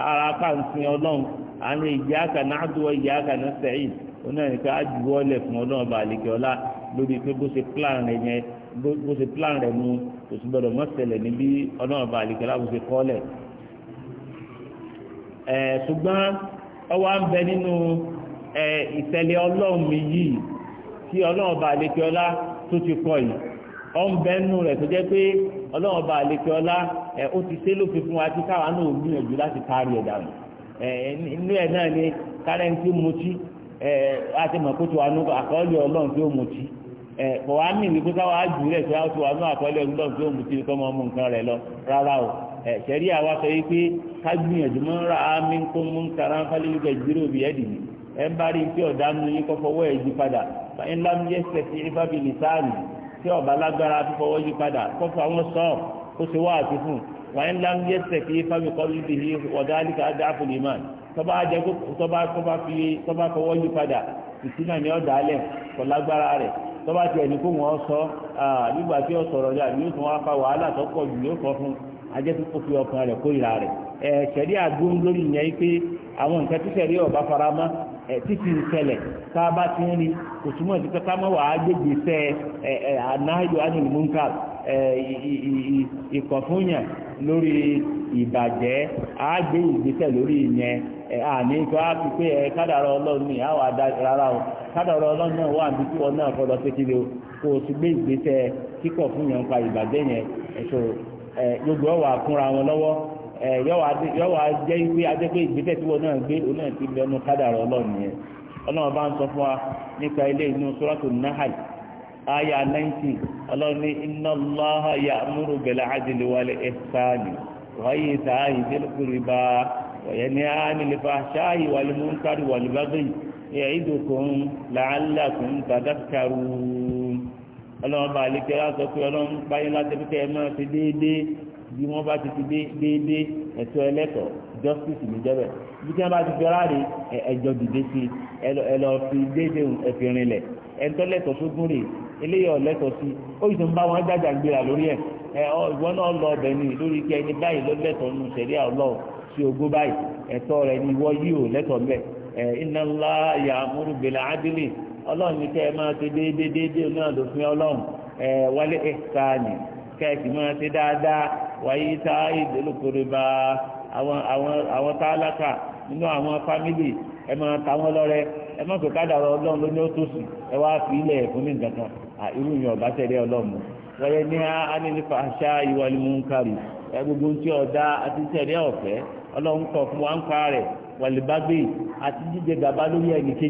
ara apá ń sin ọlọ́run àánú iyyaka na'budu wa iyyaka nasta'in onáyìnká àjùwọ́lẹ̀ fún ọlọ́run ọba àlekè ọlá lórí pé bó ṣe plan rẹ̀ plan mu kò sí gbọdọ̀ mọ́ ṣẹlẹ̀ níbi ọlọ́run ọba àlekè ọlá bó ṣe ṣùgbọ́n ọwọ́ à ń bẹ nínú ẹ ìṣẹ̀lẹ̀ ọlọ́run mi yìí tí ọlọ́run ọba àlekè ọlá tó ti kọ yìí ọ̀n bẹ́nu rẹ̀ tó jẹ́ ọba àlekè ọlá ẹ ó ti ṣe lófin fún wa tí káwa náà ò gbìyànjú láti kárí ẹ̀ dànù ẹ inú ẹ̀ náà ni kárẹ́ǹtì mutí ẹ àti mọ̀kútù àánú àkọọ́lẹ̀ ọlọ́run tó mutí ẹ kò wá ní ìwé pípa rẹ̀ ẹ ń bá rí pé ọ̀dà nu yín kọ́ fọwọ́ ẹ̀ yí padà ńlá mi yẹ sẹ̀tì ìfábì lìsáàlì tí ọ̀bà lágbára fífọwọ́ yí padà kọ́ àwọn sọ́ọ̀ kó ṣe wá àti fún wà ń ń yẹ sẹ̀tì kọ́ ọ̀dà àlìkà dáàfù tọ́ba ajẹ́ tọ́ba fọwọ́ yí padà ìsínà ni ọ̀dà alẹ̀ kọ́ lágbára rẹ̀ tọ́ba tiẹ̀ ní kó wọ́n sọ nígbà fa wàhálà tó pọ̀ jù yóò sọ fún títí ìṣẹ̀lẹ̀ tá a bá ti ń rí kò túmọ̀ sí pé ká mọ̀ wàá gbègbè sẹ́ ẹ ẹ anáyọ anìlmúnkà ẹ lórí ìbàjẹ́ á ìgbésẹ̀ lórí ìyẹn àní tó á fi pé ẹ ọlọ́run ní àwọn o kádàrọ̀ ọlọ́run náà wà níbi tí wọn náà fọlọ́ pé kí ló kó o gbé ìgbésẹ̀ pa ìbàjẹ́ yẹn ẹ̀ṣọ́ gbogbo ọ̀ fúnra wọn yọwa yọwà jẹ́ ìwé adẹ́gbẹ́ tí wọn náà gbé òun náà ti lẹ́nu kádàrá ọlọ́run yẹn ọlọ́run bá ń sọ fún wa nípa ilé inú sọ́rọ́tò nahal aya ninety ọlọ́run ní inna Allaha ya'muru bil 'adli wal ihsani bá báyìí láti fi ẹ máa fi déédéé bí wọ́n bá ti fi déédéé ẹ̀tọ́ ẹlẹ́tọ̀ justice níjọ́bẹ̀ bí tí wọ́n bá ti fi ọ̀rá rè ẹjọ́ dìde sí ẹ fi déédéé ẹ̀fì rinlẹ̀ ẹ̀ńtọ́ lẹ́tọ̀ sógún rè eléyọ̀ lẹ́tọ̀ sí ó yìí tó ń bá wọn gbàjà gbéra lórí ẹ̀ ẹ̀ ìwọ náà lọ ọbẹ̀ ni lórí kí ẹni báyìí ló lẹ́tọ̀ nù sẹ̀ríà ọlọ́ọ̀ sí ogún báyìí ẹ̀tọ́ rẹ̀ ni ìwọ yìí ò lẹ́tọ̀ mbẹ́ ẹ̀ inna Allah ya'muru bil adli ọlọ́run ní kẹ́ ẹ máa ti déédéé déédéé náà lófin ọlọ́run ẹ̀ wálé ẹ̀ sáà nìyí kẹ́ẹ̀kì máa ṣe dáadáa wáyé tá ìdólókòrè bá àwọn tálákà nínú àwọn fámílì ẹ ta lọ́rẹ ẹ má kò kádàrọ ọlọ́run ó tòsí ẹ fi ilẹ̀ fún ní nǹkan irú ìyàn ọ̀bá tẹ̀lé ọlọ́run wọ́yẹ ní tí àti tẹ̀lé ọ̀fẹ́ ọlọ́run wa ń pa rẹ̀ àti jíjẹ lórí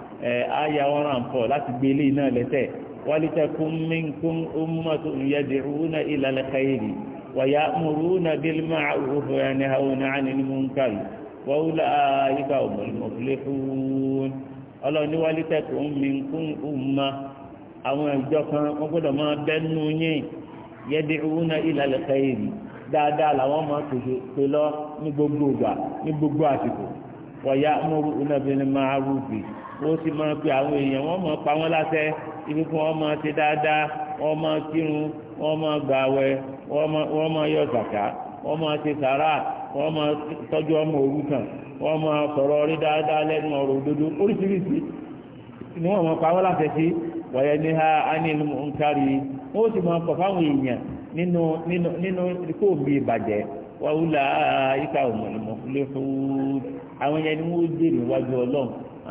àyà ọ̀ràn àǹfọ̀ láti gbé eléyìí náà lẹ́sẹ̀ ummatun yad'una ila al-khayri wa ya'muruna bil ma'ruf wa máa bẹ́nu yín khayri dáadáa làwọn máa tòṣe pé lọ ní gbogbo ìgbà ní gbogbo àsìkò wa ya'muruna bil wọ́n sì máa pe àwọn èèyàn wọ́n máa pa wọ́n láṣẹ ibi kí wọ́n máa ṣe dáadáa wọ́n máa kírun wọ́n máa gbààwẹ̀ wọ́n máa yọ zàkà wọ́n máa ṣe sàrà wọ́n máa tọ́jú ọmọ wọ́n máa sọ̀rọ̀ dáadáa lẹ́nu ọ̀rọ̀ òdodo ni wọ́n máa pa wọ́n sí ha anil nkari wọ́n sì máa pọ̀ fáwọn èèyàn nínú nínú nínú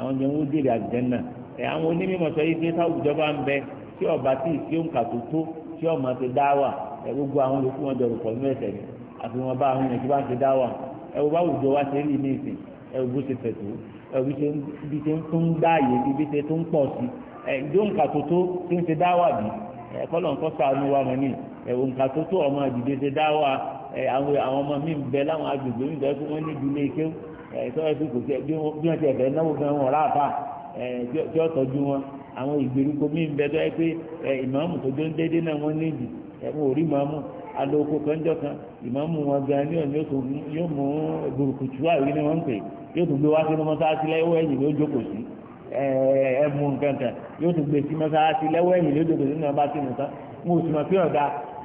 àwọn yẹn wọ́n jèrè àjẹ́nà ẹ̀ àwọn onímọ̀ sọ yìí pé táwùjọ bá ń bẹ tí ọba tí ìfi òǹkà tó tó tí ọmọ ti dá wà ẹ gbogbo àwọn yòókù wọn dọ̀rọ̀ pọ̀ nínú ẹ̀sẹ̀ ni àti wọn bá àwọn yẹn tí wọ́n ti dá wà ẹ wọ́n bá wùjọ wá ṣe rí ní ìsìn ẹ wọ́n bó ṣe fẹ̀ tó ẹ wọ́n bí ṣe ń tún dáàyè bí ṣe tún pọ̀ sí ẹ ìdóǹkà tó tó tí ń ṣe dá wà bí ẹ kọ́lọ̀ ń bẹ sọ́wọ́n ẹ̀sìn kò sí bí wọ́n ti ẹ̀fẹ́ náwó gan wọn láàfà tí ó tọ́jú wọn àwọn ìgbèríko míì ń bẹ tó yẹ pé tó ń dédé náà wọ́n kanjọ kan wọn gan ní ọ̀nà yóò mú burúkutu pè yóò tún gbé wá mọ́sáàsì lẹ́wọ́ ẹ̀yìn ló jókòó sí nǹkan yóò tún gbé sí mọ́sáàsì lẹ́wọ́ ẹ̀yìn ló jókòó sí ní ọba tán mọ̀ pé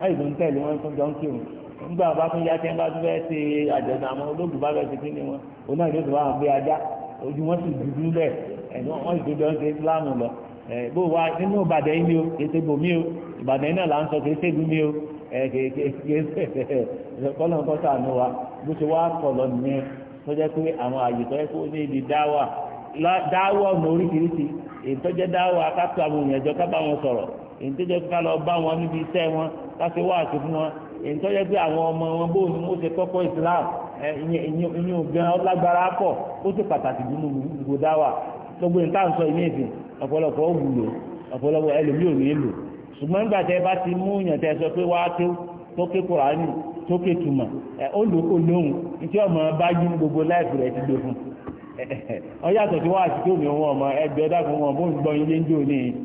ẹ̀yìn tó nígbà bá tún yá tí wọn bá tún fẹ́ẹ́ ṣe àjọ̀dún àwọn olóògùn bá fẹ́ẹ́ ṣe kí ni wọn òun náà yóò tún wáhùn gbé ajá ojú wọn sì dúdú lẹ ẹni wọn sì dúdú ọsẹ islam lọ ẹ bó wa nínú ìbàdàn yìí ni o kìí ṣe bòmí o ìbàdàn yìí náà là ń sọ kìí ṣe ìlú mi o ẹ kìí kìí ṣe kọ́lọ́n kọ́ sànù wa bó ṣe wá kọ̀ lọ nìyẹn tó jẹ́ pé àwọn àyè tó yẹ kó ní ibi dáwà dáwà ọ̀nà oríṣiríṣi èyí tó jẹ́ dáwà ká tó àwọn èèyàn jọ ká bá wọn sọ̀rọ̀ èyí tó jẹ́ ká lọ bá wọn níbi iṣẹ́ wọn ká ṣe wáàsí fún wọn èyí tó yẹ pé àwọn ọmọ wọn bóun ni ṣe islam ìyẹn obìnrin ọlágbára pọ̀ ó ṣe pàtàkì nínú gbogbo wa gbogbo nǹkan à ń sọ ọ̀pọ̀lọpọ̀ ó ọ̀pọ̀lọpọ̀ ẹlòmíì ò ní èlò ṣùgbọ́n nígbà tẹ bá ti mú yàn tẹ sọ pé wá tó tó kùránì tó tùmọ̀ ẹ ó lò gbogbo láìpẹ́ ọ yàtọ̀ tí wọ́n àti wọn ọmọ ẹgbẹ́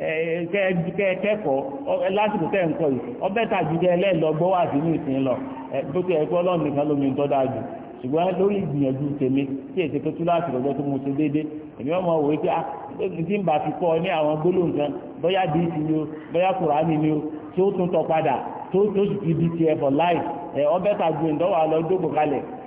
kẹ́ẹ̀kẹ́ẹ̀kẹ́kọ̀ọ́ lásìkò tẹ́ ń kọ́ yìí ọbẹ̀ tàbí jẹ́ wà sí ní ìsìn lọ tó ti ọlọ́run nìkan lómi ń jù ṣùgbọ́n lórí ìgbìyànjú tèmi tí èsì tó tú tó ṣe déédé èmi ọmọ òwe pé ah, ń bá ti kọ́ ní àwọn bóyá o bóyá ni o tí ó tún tọ padà tó sì ti di tiẹ̀ for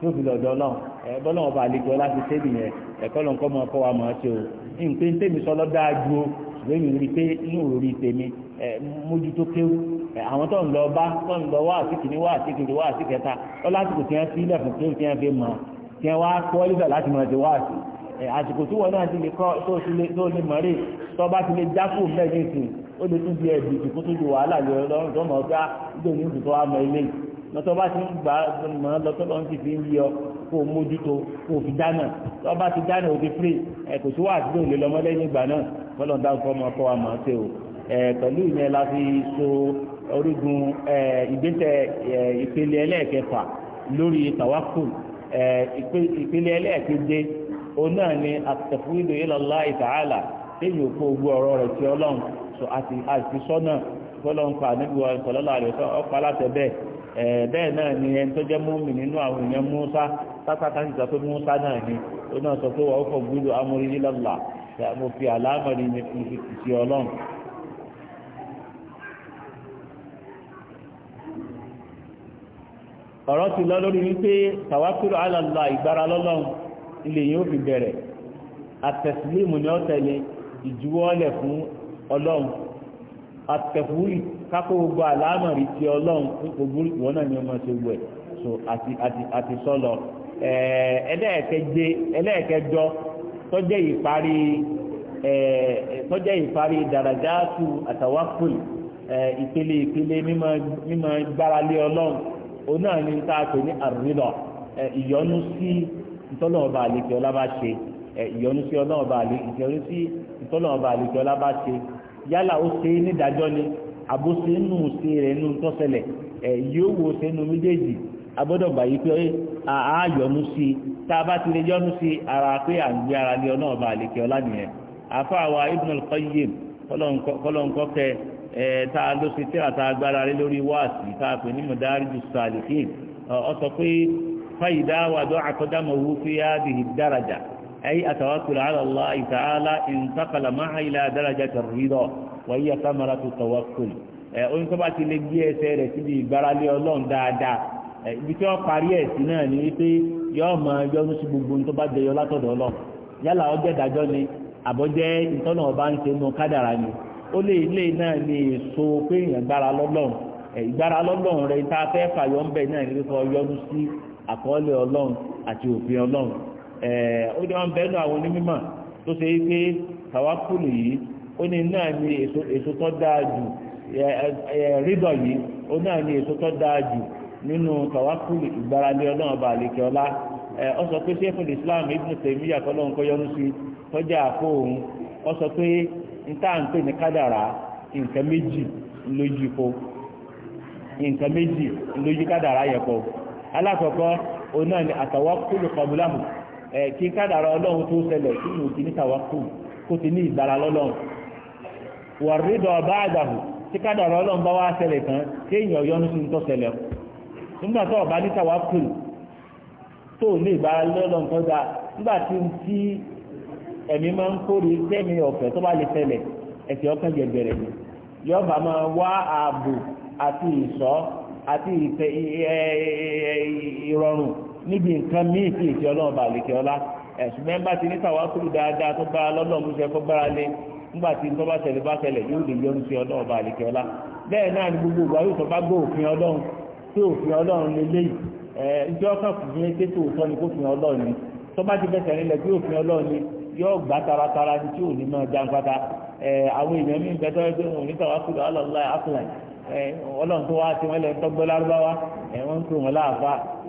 tí ó fi lọ́dọ̀ ọlọ́run ẹ̀bọ́lọ́run ọba àlejò láti tẹ́bì yẹn ẹ̀kọ́ lọ́nkọ́ mọ́ ọkọ́ wa mọ̀ ọ́ tí o nǹkan ń tẹ́mi sọ lọ́dáa ju o ṣùgbọ́n mi rí i pé inú òórí tèmi mójútó kéwù àwọn tó ń lọ bá tó ń lọ wá àtìkìní wá àtìkìní wá àtìkẹta lọ́lásìkò tí wọ́n fi ilẹ̀ fún kéwù tí wọ́n fi mọ̀ tí wọ́n wá kọ́ lífẹ̀ láti mọ̀ ti wá àti àsìkò tí wọ́n náà ti lè kọ́ tó lè mọ̀ ti lè jákò mẹ́rin tó lọ́tọ́ bá ti ń gbà mọ́ lọ́tọ́ lọ́n ti fi ń yọ kó o mójútó kó o fi dáná lọ́tọ́ bá ti dáná o ti firi ẹ kò sí wà á dùn lé lọ́mọ lẹ́yìn ìgbà náà fọlọ́ ń dáhùn fọmọ kọ́ wa mọ̀ ọ́n ṣe o ẹ pẹ̀lú ìyẹn la fi so orígun ẹ ìgbésẹ̀ ẹ ìpele ẹlẹ́ẹ̀kẹfà lórí tàwákù ẹ ìpele ẹlẹ́ẹ̀keje òun náà ni àtẹ̀fúwìdò ila Allah ta'ala téèyàn kó ogun ọ̀rọ̀ rẹ̀ ti ọlọ́run àti sọ́nà fọlọ́nkọ àníbi wa e náà ni ẹni tó jẹ́ múmi nínú àwọn èèyàn Musa sátákà sì Musa náà ni ó náà sọ pé wà ó kàn gbúdọ̀ mo fi àlámọ̀rí mi fi ọ̀rọ̀ ti lọ lórí wípé tàwákùrù alàlá ìgbára lọ́lọ́run ilé yìí fi bẹ̀rẹ̀ ni kákó gbogbo àlámọ̀ rí ti ọlọ́run gbogbo ìwọ náà ni ọmọ ṣe wẹ̀ so àti àti àti sọlọ ẹlẹ́ẹ̀kẹje ẹlẹ́ẹ̀kẹjọ tọ́jẹ́ ìparí tọ́jẹ́ ìparí dàrájáàtù àtàwákùl ìpele ìpele mímọ̀ gbáralé ọlọ́run òun náà ni tá a pè ní àrùnilọ ìyọnu sí ìtọ́lọ́ọ̀bà àlejò ọlá bá ṣe ìyọnu sí ọlọ́ọ̀bà àlejò ìtọ́lọ́ọ̀bà àlejò ọlá ṣe yálà ó ṣe é nídàájọ́ ni àbóṣe nù ṣe rẹ̀ nù tọ́sẹlẹ̀ ẹ̀ yóò wo ṣe nù méjèèjì agbọ́dọ̀ gbà yí pé àáyọ̀nù sí i tá a bá ti lè yọ́nù sí i ara pé à ń gbé ara lé ọ̀nà ọba àlèkè ọlá nìyẹn àfa àwa Ibn al-Qayyim kọlọ́nkọ́ kẹ ẹ̀ tá a ló ṣe tí àtà agbára rẹ lórí wáàsì tá a pè ní Madarij as-Salikin ọ sọ pé fàyídá wà dọ́ àkọ́dámọ̀ owó fi yá bìí dáradà ẹ̀yí àtàwákùrọ̀ àlọ́ Allah ta'ala máa ilà dáradà tẹ̀rù wa iya sámara tó tọwọ́ kúl ẹ oyún tó bá ti lè gbé ẹsẹ̀ rẹ̀ síbi ìgbáralé dáadáa ẹ ibi tí wọ́n parí ẹ̀ náà ni wípé yọ́ọ́ mọ sí gbogbo tó bá jẹyọ látọ̀dọ̀ ọlọ́run yálà ọjọ́ ìdájọ́ ni ọba ń ṣe ni ó lè ilé náà ní èso pé èèyàn gbára lọ́lọ́run ìgbára lọ́lọ́run rẹ̀ ń náà wípé ó ní náà ní èso tó dáa jù rídọ̀ yìí ó náà ní èso tó dáa jù nínú tàwákùlù ìgbáralé ọlọ́run bá ọlá ọ sọ pé sẹ́fún Islam Ibn Taymiyyah kọ́lọ́run kọ́ yọnu sí tọ́jà àpò ọ sọ pé ní kádàrá nǹkan méjì lójú nǹkan méjì lójú kádàrá yẹ alákọ̀ọ́kọ́ náà ni àtàwákùlù kọ̀ọ̀bùlámù kí kádàrá ọlọ́run wàrídọ̀ ọba àgbàbù tí kádàrọ̀ ọlọ́run bá wá ṣẹlẹ̀ tán tí èèyàn yọnu sí tó ṣẹlẹ̀ nígbà tó ọba níta wá pè tó lè bá lọ́lọ́run tó dáa nígbà tí ń tí ẹ̀mí máa ń kórè tẹ́mi ọ̀fẹ́ tó bá lè ṣẹlẹ̀ ẹ̀sìn ọkàn jẹgbẹ̀rẹ̀ ni yọba máa wá ààbò àti ìṣọ́ àti ìrọ̀rùn níbi nǹkan míì tí ìṣẹ́ ọlọ́run bá lè kẹ́ nígbà tí nǹkan bá ṣẹlẹ̀ bá ṣẹlẹ̀ yóò lè yọnu sí ọlọ́run bá àlèkè ọlá bẹ́ẹ̀ náà ni gbogbo ìgbà yóò sọ bá gbọ́ òfin ọlọ́run tí òfin ọlọ́run lè léyìí ẹ̀ ìjọ kan kò fi ṣe tó sọ ni kó fi ọlọ́run ni tó bá ti fẹsẹ̀ nílẹ̀ tí òfin ọlọ́run ni yóò gbá taratara ni tí ò ní máa jàǹfàtà ẹ̀ àwọn èèyàn mi bẹ́tọ́ ẹgbẹ́ òun níta tó ń pè wọ́n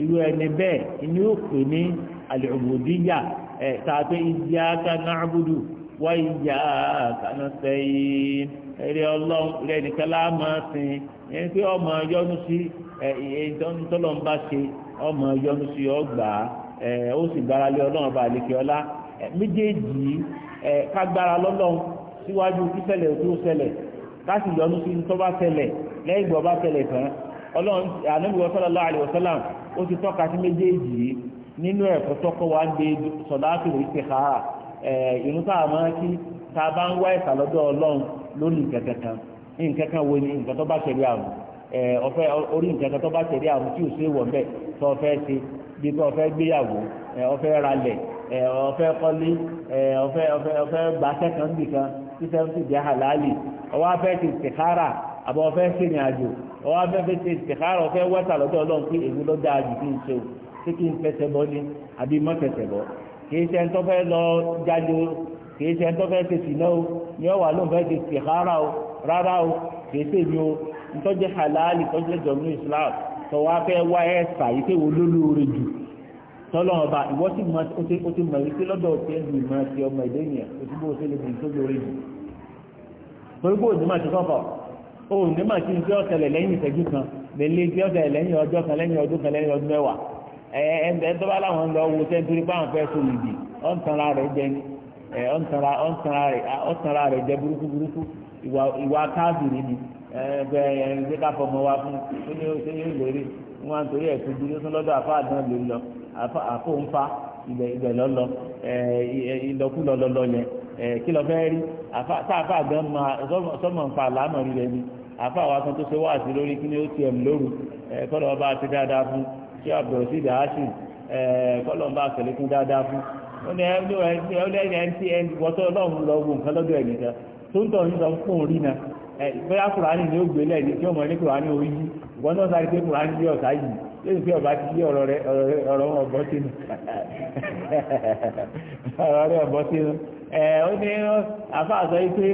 irú ẹni bẹ́ẹ̀ ni ó pè ní al-ubudiyya ẹ̀ tàbí wa iyyaka nasta'in eré ọlọ́run rẹ̀ nìkan láàmú sin ẹni ọmọ yọnu sí ìtọ́lọ́ ń bá ṣe ọmọ yọnu sí ọgbà ó sì gbára lé ọlọ́run bá àlekè ọlá méjèèjì kágbára lọ́lọ́run síwájú kíṣẹ̀lẹ̀ tó ṣẹlẹ̀ ká ọlọ́run ànábì sallallahu alaihi wasallam ó ti tọ́ka sí méjèèjì yìí nínú ẹ̀kọ́ tọ́kọ wa ń gbé sọ̀dáàtì rẹ̀ ti ha irun tá a máa kí tá a bá ń wá ìsà lọ́dọ̀ ọlọ́run lórí nǹkan kan nǹkan kan wo ni nǹkan tó bá ṣẹlẹ̀ àrùn ọ̀fẹ́ orí nǹkan kan tó bá ṣẹlẹ̀ ralẹ̀ ọ̀fẹ́ kọ́lé ọ̀fẹ́ ọ̀fẹ́ ọ̀fẹ́ gbàṣẹ́ kan nìkan tí halali ọwọ́ afẹ́ ti ṣèkára àbọ̀ ọ̀fẹ́ kìnìún àjò ọwọ́ afẹ́fẹ́ ṣe ìtẹ̀kárọ̀ ọ̀fẹ́ wẹ́tà lọ́dọ̀ ọlọ́run pé èmi ló dáa jù kí n ṣe o ṣé kí n fẹsẹ̀ bọ́ ni àbí mọ́ fẹsẹ̀ bọ́ kìí ṣe ẹ̀ńtọ́ fẹ́ lọ jáde o kìí ṣe ẹ̀ńtọ́ fẹ́ ṣe sìnà o ni ọ̀wà ló ń fẹ́ ṣe ìtẹ̀kárà o rárá o kìí ṣe mi o ntọ́jẹ́ halali tọ́jẹ́ jọ̀mú Islam tọ́wọ́ afẹ́ wá sà o ò ní mà kí n tí lẹ́yìn ìṣẹ́jú kan lè lé tí ó lẹ́yìn ọjọ́ kan lẹ́yìn ọdún kan lẹ́yìn ọdún mẹ́wàá ẹ tó bá láwọn lọ wo sẹ́ńtúrì báwọn fẹ́ so ìdì ọ̀ǹtanra rẹ̀ jẹ ọ̀ǹtanra rẹ̀ jẹ burúkú burúkú ìwà káàbìrì ni ẹgbẹ́ ẹgbẹ́ ká fọmọ wa fún ó ní ní lórí àfa wa kan tó ṣe wa lórí kí ni ó tiẹ̀ lóru kọ́lọ̀ ọba ti dáadáa fún kí abdulrasheed hasim kọ́lọ̀ ọba àtẹ̀lékún dáadáa fún ó ní ẹni tí ẹni wọ́tọ́ ọlọ́run lọ wo nǹkan lọ́dọ̀ ẹ̀mí ta tó ń tọ̀ ní sọ fún na bóyá kùránì ni ó gbé lẹ́yìn tí ọmọ ní kùránì náà sáré pé kùránì bí ọ̀sá yìí yóò fi ọba ti yí ọ̀rọ̀ rẹ ọ̀rọ̀ sínú ọ̀rọ̀ rẹ sínú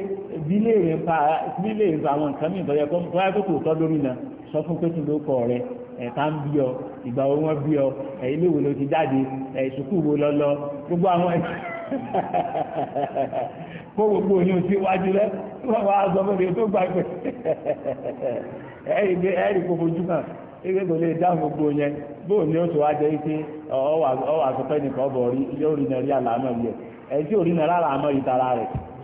bílé rẹ̀ pa bílé rẹ̀ àwọn nǹkan mìíràn tọ́jà kọ́ wáyé tó kò tọ́ lómìnà sọ fún pé kí ló kọ rẹ ẹ̀ka ń bí ọ ìgbà wo wọ́n bí ọ ilé wo ló ti jáde ìsùkú wo lọ lọ gbogbo àwọn kó gbogbo oyún sí iwájú rẹ wọ́n wá sọ fún mi tó gbà pé ẹ̀rì pé ẹ̀rì kò fojú hàn ewé kò lè dáhùn gbogbo yẹn bóò ní oṣù wájẹ ike ọwọ́ àtọ́fẹ́ nìkan bọ̀ rí yóò rí nàrí àlámọ̀ yẹ ẹ̀ tí ò rí nàrí àlámọ̀ ìtara rẹ̀.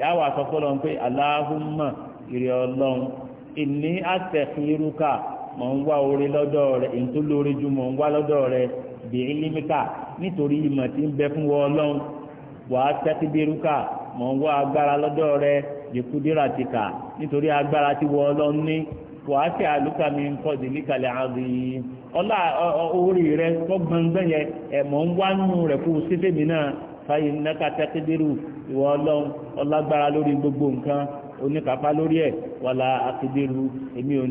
yàwó àsọfọlọ ń pè aláhùnmá ìrẹ Ọlọ́run ìní àtẹkìrúkà mọ̀ ń wá orí lọ́dọ̀ ju mọ̀ ń wá lọ́dọ̀ bìí nítorí ìmọ̀ tí ń bẹ fún wọ Ọlọ́run mọ̀ ń wá agbára lọ́dọ̀ ti nítorí agbára ti wọ Ọlọ́run ní àlùkà mi ń kọ́ rẹ fàyè nẹ́ka tẹ́kídírù ìwọ ọlọ́run ọlágbára lórí gbogbo nǹkan oníkápá lórí ẹ̀ wàlà àkídírù èmi ò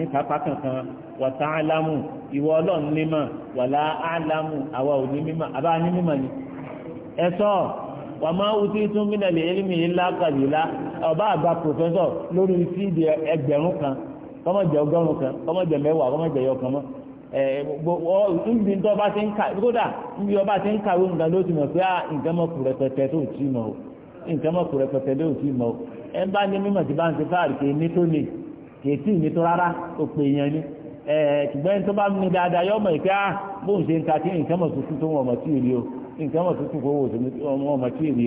níkápá kankan wàtá álámù ìwọ ọlọ́run nímọ̀ wàlà álámù àwa ò ní mímọ̀ àbá ní mímọ̀ ni. ẹ sọ wà máa wù tí tún mí nàlẹ́ ẹ̀mí ńlá kàdìlá ọba àgbà pòfẹ́sọ̀ lórí fíìdì ẹgbẹ̀rún kan kọ́mọ̀jẹ̀ ọgọ́rùn kan kọ́mọ̀jẹ̀ mẹ́wàá kọ́mọ̀jẹ̀ yọkan mọ́ Eh, níbi tó bá ti ń ka kódà nke ọba ti ń kàwé nǹkan ló ti mọ̀ pé ah, nǹkan mọ̀ kù rẹpẹtẹ tó ti mọ̀ o nǹkan mọ̀ ti mọ̀ o ẹ bá ní mímọ̀ tí bá ń fáàrí kì í ní tó lè kì í tì í ní ka kí nǹkan mọ̀ tuntun tó tí ì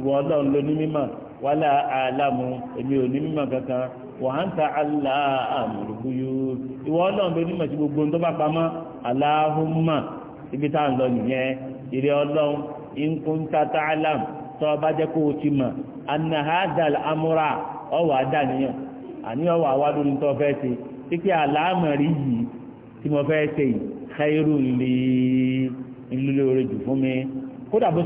o wọ́n wala alamu èmi ò ní mímọ̀ kankan wà ń ta àlá àmùrùgbúyú ìwọ ọlọ́run ló nímọ̀ sí gbogbo tó bá pamọ́ aláhùnmá ibi tá à ń lọ nìyẹn ìrẹ́ ọlọ́run ìkúńtà tààlám tó bá jẹ́ kó o ti mọ̀ anahadal amúra ọwọ́ àdáníyàn àní ọwọ́ àwádùn tó fẹ́ ṣe kíkẹ́ àlámọ̀rí yìí tí mo fẹ́ ṣe yìí lè lórí jù fún mi kódà bó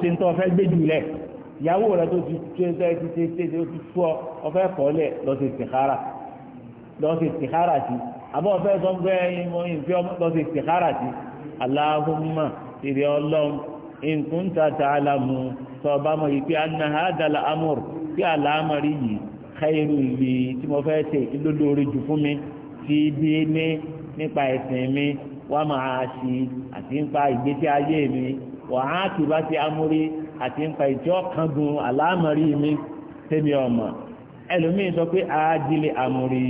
ìyàwó rẹ tó ti tó ẹ ti ṣe ṣe ṣe ó ti tó ọ ọfẹ kọọlẹ lọsẹ tìkára lọsẹ tìkára sí àbọ ọfẹ sọ pé ìfẹ́ lọsẹ tìkára sí aláhùnmá ìrẹ Ọlọ́run nǹkan tàtà àlàmù tọba mọ yìí pé anna hadala amur pé àlàámọrí yìí khairu ìlì tí mo fẹ́ ṣe ìlólórí jù fún mi ti dé ní nípa ẹ̀sìn mi wà máa ṣe àti nípa ìgbésí ayé mi wà kì bá ti amúrí àti ń pa ìjọ kan gun àlámọ̀rí mi tẹ́mi ọmọ ẹlòmíín sọ pé àájílẹ̀ àmúrí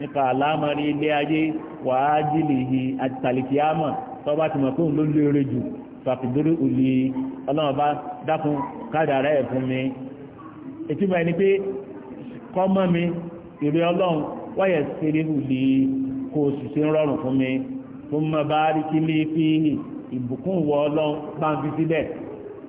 nípa àlámọ̀rí ilé ayé wà ájílẹ̀ yìí àti tàlìkìámọ̀ tó bá ti mọ̀ pé òun ló lóore jù fàfidúró òlì ọlọ́run bá dákun kádàrá ẹ̀ fún mi ìtumọ̀ ẹni pé kọ́ mọ́ mi ìrẹ́ ọlọ́run wáyẹ̀ sẹ́rẹ́ òlì sì ṣe ń rọrùn fún mi fún bá rí kí fi ìbùkún wọ ọlọ́run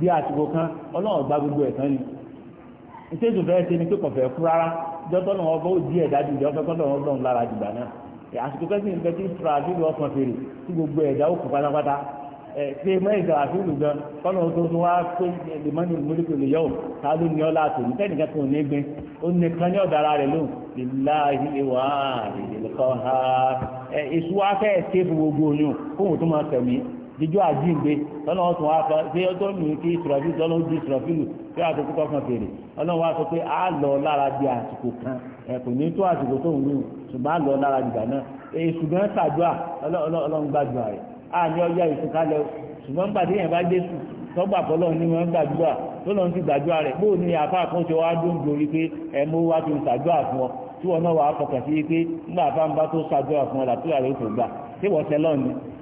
bí àtìkò kan ọlọ́run gba gbogbo ẹ̀tàn ni ìtẹ́jú fẹ́ ṣe ni pé kọ̀fẹ́ kú rárá jọ́tọ́ náà wọ́n bọ́ òdì ẹ̀dá ju ìjọba lọ́run lára àsìkò kẹ́sì ń bẹ tí fura fèrè tí gbogbo ẹ̀dá ó pátápátá ẹ̀ ṣe gan kọ́nà tó tún wá pé tó ní gbin ó ní kan ní ọ̀dà ara rẹ̀ jíjọ́ àjíǹde ọlọ́run tún wá fọ ṣé ọjọ́ mi kí ìṣòrọ̀fì lọ́lọ́ di ìṣòrọ̀fìlù kí wàá tó kú kọ́kàn fèrè ọlọ́run wá sọ pé á lọ lára di àsìkò kan ẹ kò ní tó àsìkò tó ń wù ṣùgbọ́n á lọ lára dìgbà náà èyí ṣùgbọ́n ṣàdúrà ọlọ́run gbàdúrà rẹ̀ á ní ọjà ìṣúkalẹ̀ ṣùgbọ́n gbàdé yẹn bá dé sùn tọ́gbà fọlọ́ ní wọn gbàdúrà tó lọ́n ti gbàdúrà rẹ̀ bóò ní àfa àkànṣe wa dún lórí pé ẹ mú wá fi ṣàdúrà fún ọ tí wọn náà wàá fọkàn sí pé ńgbà àfa ń bá tó ṣàdúrà fún ọ làtúrà rẹ̀ tó gbà tí wọ́n tẹ lọ́ọ̀ni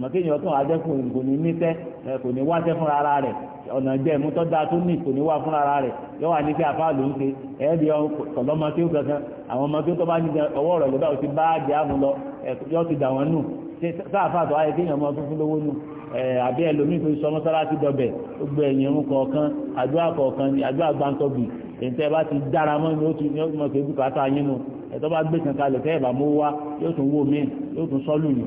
mọ̀kéyìn ọ̀tún àjẹkùn kò ní nítẹ́ kò ní wáṣẹ́ fúnra ara rẹ̀ ọ̀nà jẹ́ ìmútọ́ dáa tó ní kò ní wá fúnra ara rẹ̀ yọ wà ní kí afá ló ń ṣe ẹ̀ẹ́dì ọ̀lọ́mọ tí ó kankan àwọn ọmọ tí ó tọ́ bá ní ọwọ́ rẹ̀ lọ́dọ̀ ti bá jẹ́ àmú lọ yọ ti dà wọ́n nù sáàfà tó ayé kéèyàn ọmọ tó fún lówó nù àbí ẹlòmíì fi sọ mọ́sálásí dọ̀bẹ̀ ó gbé ẹ̀yìn irun kọ̀ọ̀kan àdúrà kọ̀ọ̀kan ni àdúrà gbàǹtọ̀bì ètò ẹ bá ti dára mọ́ ni ó ti mọ̀ sí ibùkátà yín nu ẹ̀tọ́ bá gbé kankan lè fẹ́ ìbámu wá yóò tún wó míì yóò tún sọ́lù yìí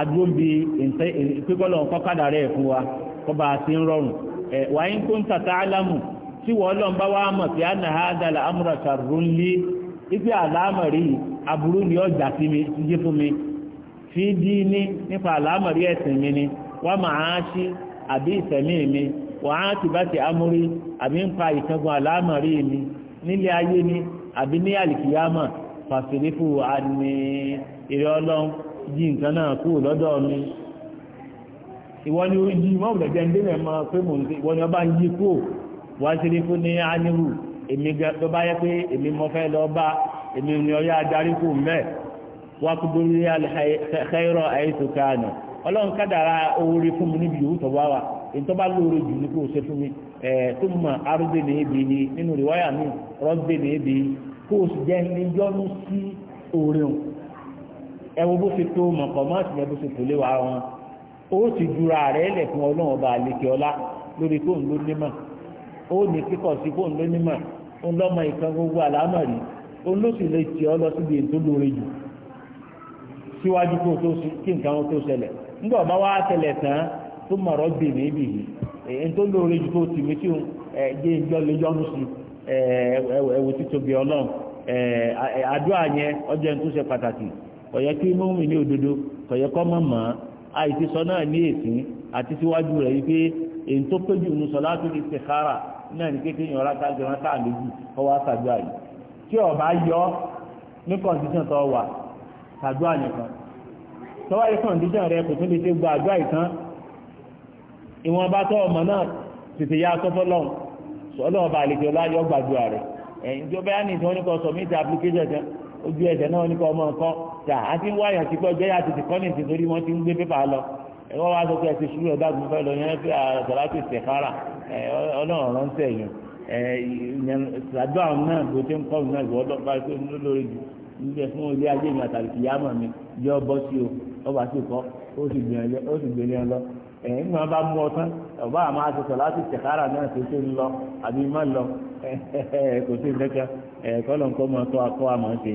adúlóbi pípọ́lọ̀ kọ́kadà rẹ̀ fún wa kọba àti ń rọrùn wàá ń kó ń tàtà álámù tí wọ́n lọ́n bá wá mọ̀ sí ànàhà dàlà amúrasà rúnlé ibi àlámọ̀rí aburú ni ọjà sí mi jí fún mi fi dí ní nípa àlámọ̀rí ẹ̀sìn mi ni wọ́n máa ṣí àbí ìsẹ̀mí mi wọ́n á ti bá ti amúrí àbí ń pa ìṣẹ́gun àlámọ̀rí mi nílé ayé ni àbí ní àlìkìyámà fàṣírífù àní ìrẹ́ ọlọ́run jí nǹkan náà kú lọ́dọ̀ mi ìwọ ni ó jí mọ́ bẹ̀jẹ̀ ń délẹ̀ mọ́ pé mò ń ṣe ìwọ ni ọba ń yí kú wá sí ní fún ní ánírù èmi tó bá yẹ pé èmi mo fẹ́ lọ bá èmi ni ọyá adarí kù mẹ́ wá kú borí alẹ́kẹ́rọ àìsùká nù ọlọ́run kádàrá oore fún mi níbi ìwú tọ́ wá wa èyí tó bá lóore jù ní kó o ṣe fún mi ẹ̀ tó mọ arúgbó ní ebi ni nínú rìwáyà mi rọ́gbé ní ebi kó o sì jẹ́ níjọ́nú sí oore hàn ẹwọ bó ṣe tó mọ̀kànmáàtì yẹn bó ṣe tó lé wa wọn ó ti dura ààrẹ lẹ̀ fún ọlọ́run ọba àlekè ọlá lórí kóun ló nímọ̀ ó ní kíkọ̀ sí ló ó ìkan gbogbo àlámọ̀rí ó ló sì lè tì lọ síbi ètò lórí jù síwájú kó tó kí nǹkan wọn tó nígbà ọba wa tán tó yìí èyí tó lórí tí dé ìjọ lè yọnu sí kọ̀yẹ́ kí mọ́mí ní òdodo kọ̀yẹ́ kọ́ mọ́ mọ́ àìsí sọ náà ní èsì àti síwájú rẹ̀ wípé èyí tó péjú ní sọ láti fi ṣèkára náà ní kékeré yọ̀ọ́ láti àjọ náà táà lójú kọ́ wá ṣàdúrà yìí tí ọba yọ ní kọ̀ǹdíṣàn tó wà ṣàdúrà nìkan tọ́wọ́ yìí kọ̀ǹdíṣàn rẹ kò tún lè ṣe gba àdúrà ìtàn ìwọ̀nba tó ọmọ náà tètè yá sọ́fọ́ lọ́hùn sọlọ́ọ̀bà àlejò ọláyọ̀ gbàdúrà rẹ̀ ẹ̀yìn tó bẹ́ẹ̀ ní ìtàn oníkọ̀ submit application ojú ẹ̀sẹ̀ náà oníkọ̀ ọmọ nǹkan tà á ti ń wá àyàn tìpọ̀ jẹ́ yà tètè kọ́ni ti torí wọ́n ti ń gbé pépà lọ ẹ̀rọ wa sọ pé ẹ ti ṣubú ẹ̀ dágùn fẹ́ lọ yẹn pé àtàlà ti tẹ̀ kára ọlọ́run ránṣẹ́ yẹn ṣàdó àwọn náà bó ṣe ń kọ́ mi náà ìwọ ọlọ́pàá pé ń lórí ju níbẹ̀ fún ilé ajé mi àtàlù kìyàmọ̀ mi yọ bọ́ sí o ọba sì kọ́ ó sì gbèrè ẹ lọ ẹ̀yìn ìgbà bá mú ọtán ọba àmọ́ àtẹ̀tọ̀ láti tẹ̀kára náà tó ṣe ń lọ àbí má lọ kò sí ìdẹ́kẹ́ ẹ̀kọ́ lọ́nkọ́ mọ́ tó akọ́ àmọ́ ṣe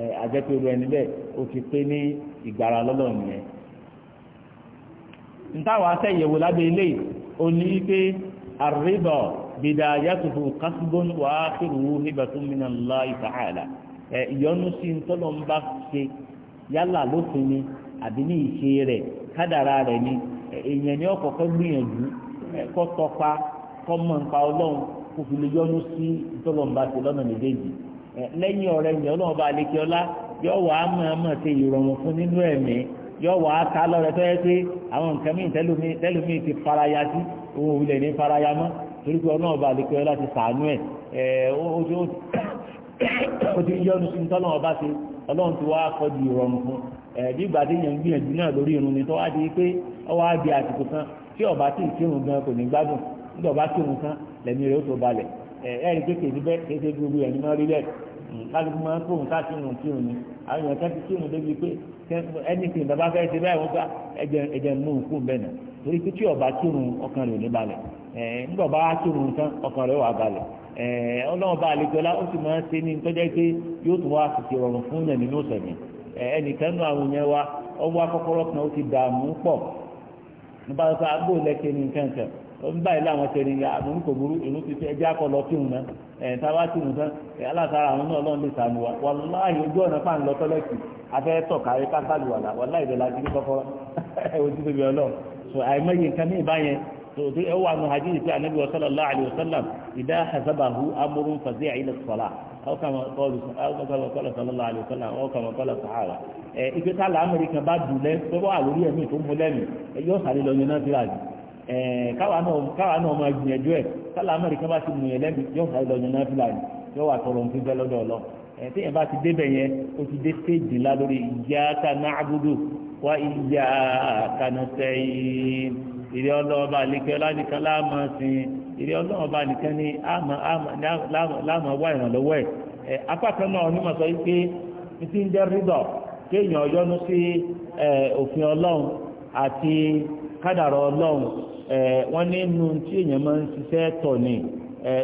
ẹ àjẹpẹ̀rù ẹni bẹ́ẹ̀ o ti pé ní ìgbàrà lọ́lọ́ nìyẹn. ntàwọn asẹ́yẹ̀wò lábẹ́ ilé ní pé àríbọ̀ bìdà yàtùfù wà á ẹ ìyọnu ni àbí ní ìṣe rẹ̀ kádàrá rẹ̀ ni èèyàn ni gbìyànjú lẹ́yìn ọ̀rẹ́ yẹn ọlọ́run bá lè kí yọ wà á máa máa ṣe ìrọ̀rùn fún nínú ẹ̀mí yọ wà á ta lọ́rẹ́ tó yẹ pé àwọn nǹkan tẹ́lómi ti faraya sí òun òwúlẹ̀ ní faraya mọ́ torí pé ọlọ́run bá ti sàánú ẹ̀ ọba ṣe ọlọ́run ti wá kọjú tí yẹn ń gbìyànjú di pé di àsìkò ẹ̀rí pé kèsì bẹ́ẹ̀ kéṣe gbogbo ẹ̀ ní máa rí bẹ́ẹ̀ hmm, kálukú máa ń kó nǹkan sí ìrùn ni àwọn èèyàn débi pé ẹni tí fẹ́ ṣe báyìí wọ́n ọba ọkàn rẹ̀ ò ní balẹ̀ nígbà bá tán ọkàn rẹ̀ wà balẹ̀ ọlọ́run bá àlejò ọlá ó sì máa ń ṣe ní tọ́jà pé yóò tún wá àṣìṣe rọrùn fún nínú ẹnìkan nù àwọn ń báyìí láwọn ṣe kò burú ìlú fi ẹjẹ náà a bá tán ẹ alátara àwọn náà lọ́n lè sànù wa ojú ọ̀nà lọ afẹ́ tọ̀kárí ojú ọlọ́ọ̀ so àìmọye nǹkan ní so wà nù hajj anabi wa sallallahu alayhi wa Eh, káwa náà máa gbìyànjú ẹ̀ sálà amẹ́ríkà bá ti mú yẹn lẹ́bi yóò sáré lọ́jọ́ náà fúlàní yóò wà tọrọ nǹkan fẹ́ lọ́dọ̀ ọlọ ẹ̀ eh, tí bá ti débẹ̀ yẹn ó ti dé stéèjì ńlá lórí iyyaka na'budu wa iyyaka nasta'in ìrẹ́ ọlọ́ọ̀bá nìkan lánìkan láàmà sin ìrẹ́ ọlọ́ọ̀bá ní wá ìrànlọ́wọ́ ẹ̀ eh, apá kan náà sọ ti ń jẹ́ rídọ̀ kéèyàn sí òfin ọlọ́run àti kádàrọ̀ ọlọ́run wọ́n ní inú tí èèyàn máa ń ṣiṣẹ́ tọ̀ ni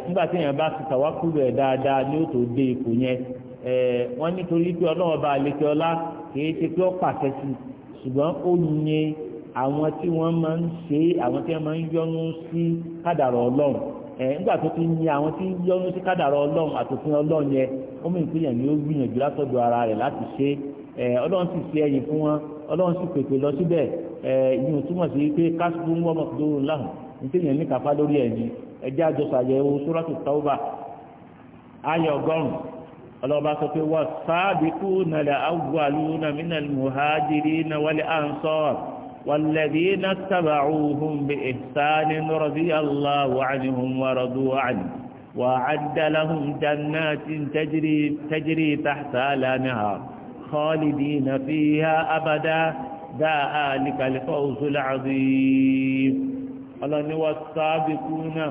nígbà tí èèyàn bá ti tàwákùlù ẹ̀ dáadáa ní òtò dé ipò yẹn wọ́n nítorí pé ọlọ́run ọba àlejò ọlá kìí ṣe pé ó pàṣẹ sí ṣùgbọ́n ó yin àwọn tí wọ́n máa ń ṣe àwọn tí wọ́n máa ń yọnu sí ọlọ́run nígbà tó ti yin àwọn tí yọnu sí kádàrọ̀ ọlọ́run àtòfin ìyẹn ò túmọ̀ sí pé kásìkò ń wọ́n mọ̀ tó láhùn nítorí yẹn ní kápá lórí ẹ̀ ní ẹjẹ́ àjọsọ àyẹ̀wò sóràtò tàwùbà ayọ̀ ọgọ́rùn ọlọ́ba sọ pé wọ́n sáàbìkú nàlẹ́ awùwàlú nàmínà muhajiri nàwálé ansọ́r wàlẹ́bí náà tàbàcù hùn bí ìsáni nọ́rọ̀bí aláwọ̀ ànihùn ذلك الفوز العظيم ọlọ́ni wọ́n sáábìkú náà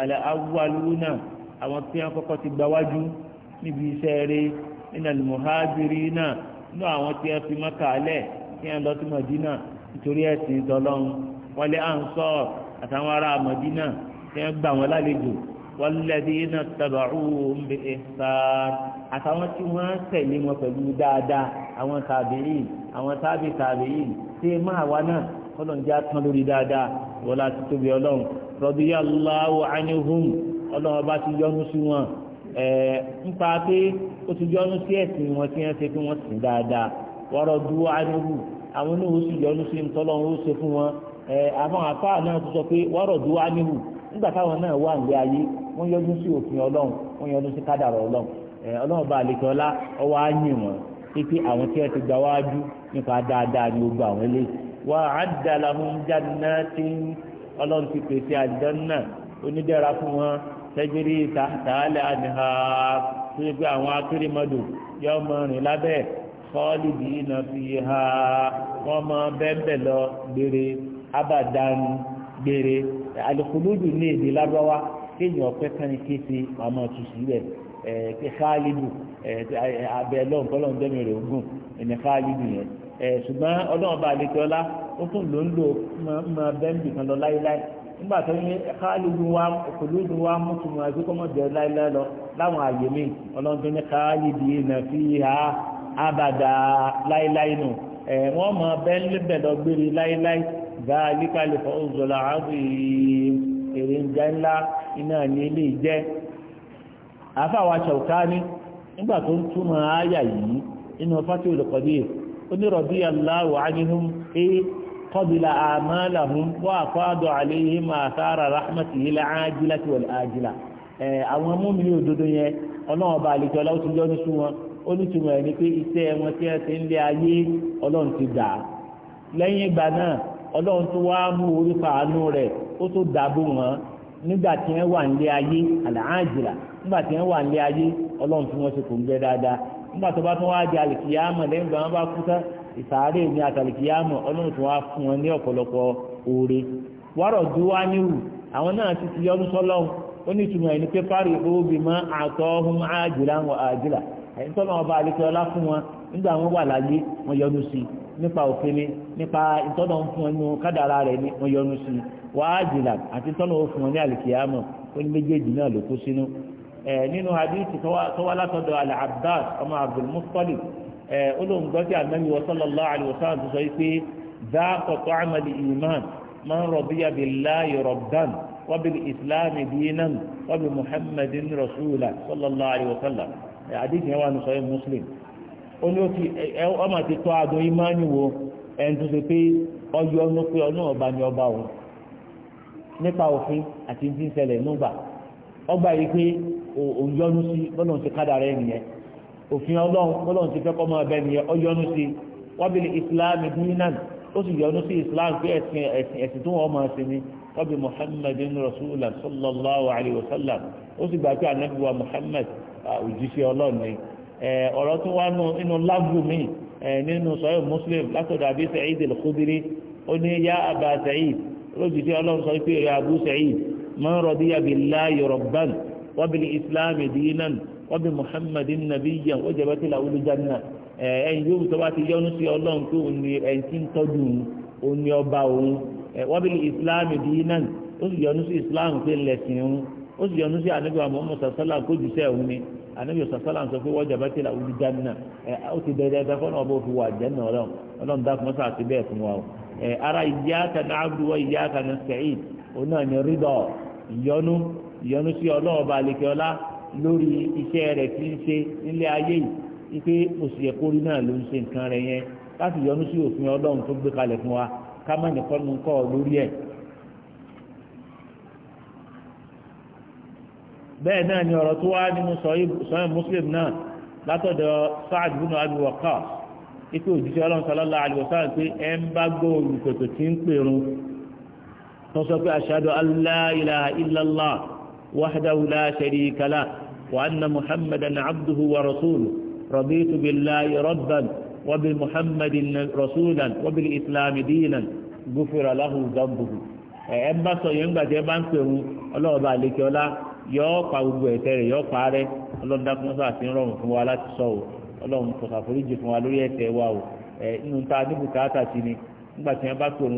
alẹ́ awọ́lú náà àwọn tí wọ́n kọ́kọ́ ti gbáwájú níbi iṣẹ́ rẹ̀ nínú alimuhajiri náà nínú àwọn tí wọ́n fi mọ́kà alẹ́ tí wọ́n lọ sí mọ̀dínà nítorí ẹ̀sìn ìtọ́lọ́run wọ́n ansọ́ àtàwọn ará mọ̀dínà tí wọ́n gbà wọ́n lálejò wọ́n lẹ́dí iná tàbàrù òun bẹ̀ ẹ̀sán àtàwọn tí wọ́n tẹ̀lé wọn pẹ̀lú dáadáa àwọn tàbíyìn àwọn tábì tàbíyìn tí máa wá náà ọlọ́run jẹ́ atán lórí dáadáa wọlá ti tóbi ọlọ́run radiyallahu anhum ọlọ́run bá ti yọ́nú sí wọn nípa pé ó ti yọ́nú sí ẹ̀sìn wọn tí wọ́n ṣe fún wọn sí dáadáa wọ́rọ̀ dúró ánìhù àwọn náà ó sì yọ́nú sí ntọ́lọ́run ó ṣe fún wọn àwọn náà sọ pé dúró nígbà táwọn náà wà ní ayé wọ́n sí òfin ọlọ́run wọ́n pípé àwọn tí ẹ ti gba wájú nípa dáadáa ní gbogbo àwọn ilé wa adda lahum jannatin ọlọ́run ti pèsè àjànnà onídẹ̀ra fún wọn tẹ́jírí tààlẹ̀ àníhà tó yẹ pé àwọn akérèmọdò yọ ọmọ rìn lábẹ́ khalidina fiha wọ́n mọ bẹ́ẹ̀ lọ gbére abadan gbére alùpùpù ní èdè lábọ́wá kéèyàn ọ̀pẹ́ kan àmọ́ tùsí rẹ̀. ẹ eh, e eh, ẹ eh, abẹ lọ́n kọ́lọ́n dẹ́mi rẹ ogun ẹni káàlíbù yẹn ẹ ṣùgbọ́n ọlọ́run bá ọlá ó tún ló ń lò mọ bẹ́ńbì kan lọ láíláí nígbà tó ní wa wa lọ láwọn àyè mi ní yìí nà fi ha abàdà nù wọ́n gbére àfàwà Ṣaukani nígbà tó ń túmọ̀ àyà yìí inú Fathul Qadir ó ní radiyallahu anhum pé qabila a'malahum wa afada alayhim athara rahmatihi al-ajilati wal-ajila àwọn mùmínì òdodo yẹn ọlọ́run àlejò ọlọ́run ti ó ní ní nígbà tí wọ́n wà ní ayé ọlọ́run tí wọ́n ṣe kò ń gbẹ dáadáa nígbà tó bá tún wá di àlìkìyàmọ̀ lẹ́yìn ìgbà wọn bá kú tán ìsàárè ní àtàlìkìyàmọ̀ ọlọ́run tí wọ́n á fún wọn ní ọ̀pọ̀lọpọ̀ oore wọ́rọ̀ ju wá níhù àwọn náà ti ti yọnu sọ́lọ́run ó ní ìtumọ̀ ẹni pé fárí òbí mọ́ àtọ́hún ájìlá wọn àjìlá ẹni tọ́lọ́ ọba àlekẹ́ fún wọn nígbà wọn wà láyé wọn yọnu sí nípa òfin ni nípa ìtọ́nà ń fún ẹnu kádàrá rẹ̀ ni wọn yọnu sí wàá àjìlá àti ìtọ́nà ó wọn ní àlìkìyàmọ̀ ó ní méjèèjì náà ló kó sínú nínú hadithi tó wá látọ̀dọ̀ al-abbas ọmọ abdulmuttalib olóńgbọ́ tí anabi wa sallallahu alayhi wa sallam ti sọ pé dáàkọ̀ tó amali iman man radiya billahi rabban wa bil islami dinan wa bi muhammadin rasula sallallahu alayhi wa sallam hadithi yẹn wà ní sọ́yìn muslim ó ní ọmọ ti tọ́ adùn imáni wo ẹni tó ṣe pé ọyọ ọ̀nà pé ọ̀nà ọba ni ọba ti ń ṣẹlẹ̀ nígbà ọgbà yìí òyọnu sí bọ́lọ́n ti kádà rẹ̀ nìyẹn òfin ọlọ́run bọ́lọ́n ti fẹ́ kọ́ máa bẹ́ẹ̀ nìyẹn ọyọnu sí wábìlì islam dinan ó sì yọnu sí islam pé ẹ̀sìn ẹ̀sìn tó wọ́n máa sinmi wábì muhammad rasulullah sallallahu alayhi wa sallam ó sì gbà pé anabi wa muhammad òjíṣẹ́ ọlọ́run ni ọ̀rọ̀ tó wá nínú lágùn mi nínú sọ́yìn muslim látọ̀dọ̀ àbí sa'id al وبالإسلام دينا وبمحمد نبيا وجبت له الجنة ẹ̀yin yóò tó bá ti yọ́nú sí ọlọ́run tó òun ni ẹ̀yin tí ń tọ́jú òun ni ọba òun wọ́bí islam dinan ó sì yọ́nú sí islam pé lẹ́sìn òun ó sì yọ́nú sí anabi muhammad sasala kójúṣe òun ni anabi sasala sọ pé wọ́n jàbá tí làwọn olùjáná ẹ̀ ó ti dẹ̀dẹ̀ ẹ̀fẹ́ fọ́nà ọba òfin wà jẹ́nà ọlọ́run ọlọ́run dákun mọ́sá àti bẹ́ẹ̀ fún wa o ara iyyaka na'budu wa iyyaka nasta'in òun ìyọnu ìyọnu sí ọlọ́run ọba àlekè ọlá lórí iṣẹ́ rẹ̀ tí ń ṣe nílé ayé yìí wípé oṣù yẹ kórìí náà ló ń ṣe nǹkan rẹ̀ yẹn láti yọnu sí òfin ọlọ́run tó gbé kalẹ̀ fún wa ká má nìkan mú kọ́ lórí ẹ̀. bẹ́ẹ̀ náà ni ọ̀rọ̀ tó wá nínú sọ́yìn muslim náà látọ̀dọ̀ Sa'ad bin Abi Waqqas ikú òjíṣẹ́ ọlọ́run sallallahu alaihi pé ẹ ń bá gbóòrùn kòtò tí ń pèrún tó sọ pé ashhadu an la ilaha illallah wahdahu la sharika lah wa anna muhammadan abduhu wa rasuluhu raditu billahi rabban wa bi muhammadin rasulan wa islami dinan gufira lahu dhanbuhu ẹ bá sọ yẹn gbàtí bá ń pèrú ọlọ́ọ̀bá àlekè ọlá pa gbogbo ẹ̀tẹ́ rẹ̀ yọọ pa rẹ̀ ọlọ́run fún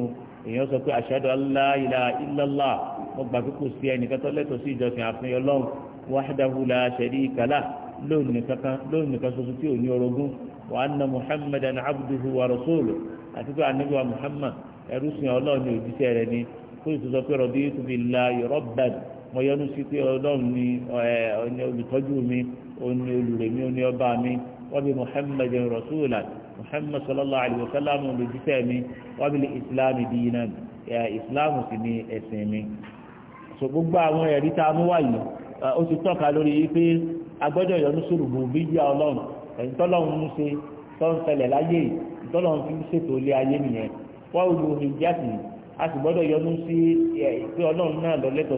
èèyàn sọ pé ashhadu an la ilaha illallah mo gbà pé kò sí ẹnìkan tó lẹ́tọ̀ọ́ sí ìjọsìn àfihàn ọlọ́run wahdahu la sharika lah lónìí kan ṣoṣo tí ò ní orogún wa anna muhammadan abduhu wa rasuluhu àti pé anabi wa muhammad ẹrú sìn ọlọ́run ní òjíṣẹ́ rẹ̀ ni kó ìtúsọ pé raditu billahi rabban mo yọ́nú sí pé ọlọ́run ni olùtọ́jú mi òní olùrèmí òní mi muhammad sallallahu alayhi wa sallam olùjíṣẹ́ mi wọ́n fi lè ìsìláàmù di iná ìsìláàmù ni ẹ̀sìn mi. sọ gbogbo àwọn ẹ̀rí tá a mú wáyé ti tọ́ka lórí pé agbọ́dọ̀ yọnu bí ọlọ́run ń láyé fi ṣètò ilé ayé nìyẹn wọ́n a sì gbọ́dọ̀ yọnu sí pé ọlọ́run náà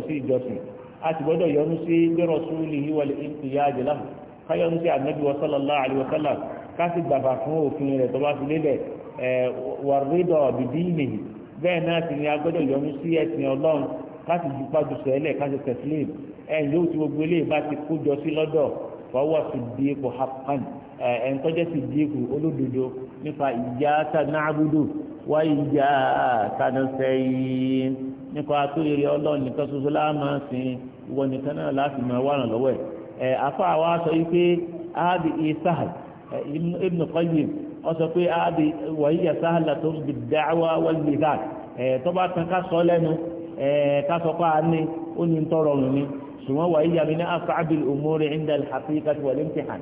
sí ìjọsìn a sì gbọ́dọ̀ kasi gbàgbà fún òfin rẹ̀ tó bá fi lélẹ̀ wàrídọ̀ bìbí ìmì bẹ́ẹ̀ náà sì ni agbọ́dọ̀ yọnu sí ẹ̀sìn ọlọ́run kásì dupájú sẹ́lẹ̀ kásì tẹ̀sílẹ̀ ẹ̀yìn yóò ti gbogbo eléyìí bá ti kójọ sí lọ́dọ̀ fọwọ́ sí díẹ̀kù hapan ẹ̀yìn tọ́jọ́ sí díẹ̀kù olódodo nípa ìjà sanáàbùdù wá ìjà sanásẹ́yìn nípa àtúnyẹ̀rẹ̀ ọlọ́run nìkan ṣoṣo láàmú sin ìwọ nìkan náà láti máa wà lọ́wọ́ ẹ̀ àfa àwa sọ yìí pé áàbì ìsáàdì Ibn Qayyim ó sọ pé ábí wàhíyà sáhàlà tó bi dáwà wàlúùbí dà tó bá kan ká sọ lẹ́nu ká sọ pé a ní ó ní tọrọ rùn ni ṣùgbọ́n wàhíyà mi ní asáàbì òmùrè ìndà al-haqiqati wal-imtihan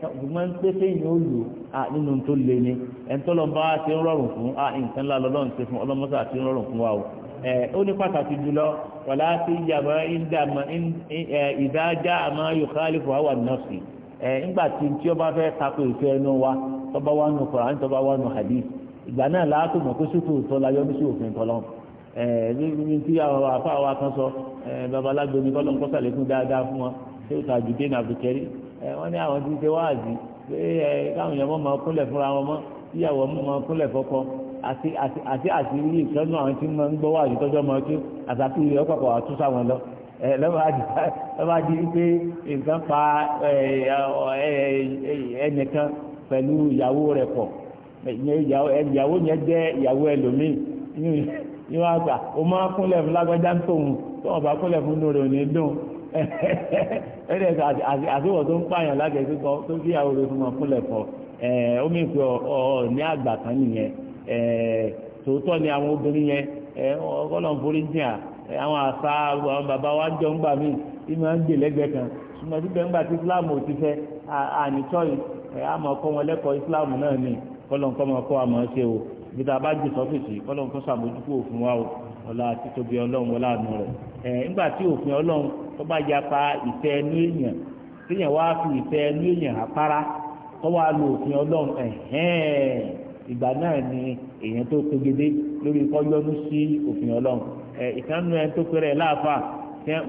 ṣùgbọ́n pépé yìí ó lù á nínú tó lé ní ẹ̀ńtọ́lọ́mbà ti ń rọrùn fún á nǹkan lálọ́lọ́ ń ṣe fún ọlọ́mọ́sá ti ń rọrùn fún wa o ó ní pàtàkì jùlọ wàlá sí ìyàmọ́ ìdájá àmọ́ yòókàlì fún àwọn nọ́ọ̀sì ẹ nígbà tí tí ó bá fẹ́ tako ẹnu wa tó bá wà nù Kùránì tó bá nù hadith ìgbà náà láàtò mọ̀ pé sùtù tó la yọ níṣẹ́ òfin tọ́lọ́ ẹ ní tí àwọn afá wa kan sọ ẹ babalágbó ni kọ́lọ́ nǹkan sàlékún dáadáa fún wọn ṣé ó tàjú dé nàbì kẹrí ẹ wọ́n ní àwọn tí ń ṣe wáàzì pé ẹ káwọn èèyàn mọ́ máa kúnlẹ̀ fúnra wọn mọ́ tíyàwó mọ́ máa kúnlẹ̀ àti àti àti àti ilé ìtọ́jú àwọn tí wọ́n ń gbọ́ wáàzì tọ́jọ́ mọ́ kí àtàkùn ilé ọ̀pọ̀ lọ́ba di wípé nǹkan pa ẹnìkan pẹ̀lú ìyàwó rẹ̀ pọ̀ ìyàwó yẹn jẹ́ ìyàwó ẹlòmíì ní wàá gbà ó máa kúnlẹ̀ fún lágbájá tó bá kúnlẹ̀ fún lórí òní dùn àtiwọ̀ tó ń pààyàn tó kúnlẹ̀ ó ọ àgbà kan nìyẹn tòótọ́ ni àwọn obìnrin yẹn àwọn àṣà àwọn bàbá wa jọ ń gbà mí ìmọ̀ ń gbè lẹ́gbẹ̀ẹ́ kan ṣùgbọ́n síbẹ̀ ńgbà tí islam ò ti fẹ́ àníṣọ́ àmọ́ kọ́ wọn lẹ́kọ̀ọ́ islam náà ni kọ́lọ́nkọ́ máa kọ́ àmọ́ ṣe o ibi tá a bá jù sọ́fìsì kọ́lọ́nkọ́ ṣàmójúkú òfin wa o ọ̀la títóbi ọlọ́run wọlé àánú rẹ̀ ẹ̀ ńgbà tí òfin ọlọ́run tó bá yapa ìfẹ́ ẹnu èèyàn téèyàn wá fi ìfẹ́ ẹnu èèyàn àpárá tó wá lo òfin ọlọ́run ẹ̀hẹ́n ìgbà náà ni èèyàn tó pegedé lórí kọjọ́nú sí òfin ọlọ́run ẹ ìkànnì ẹni tó péré láàfà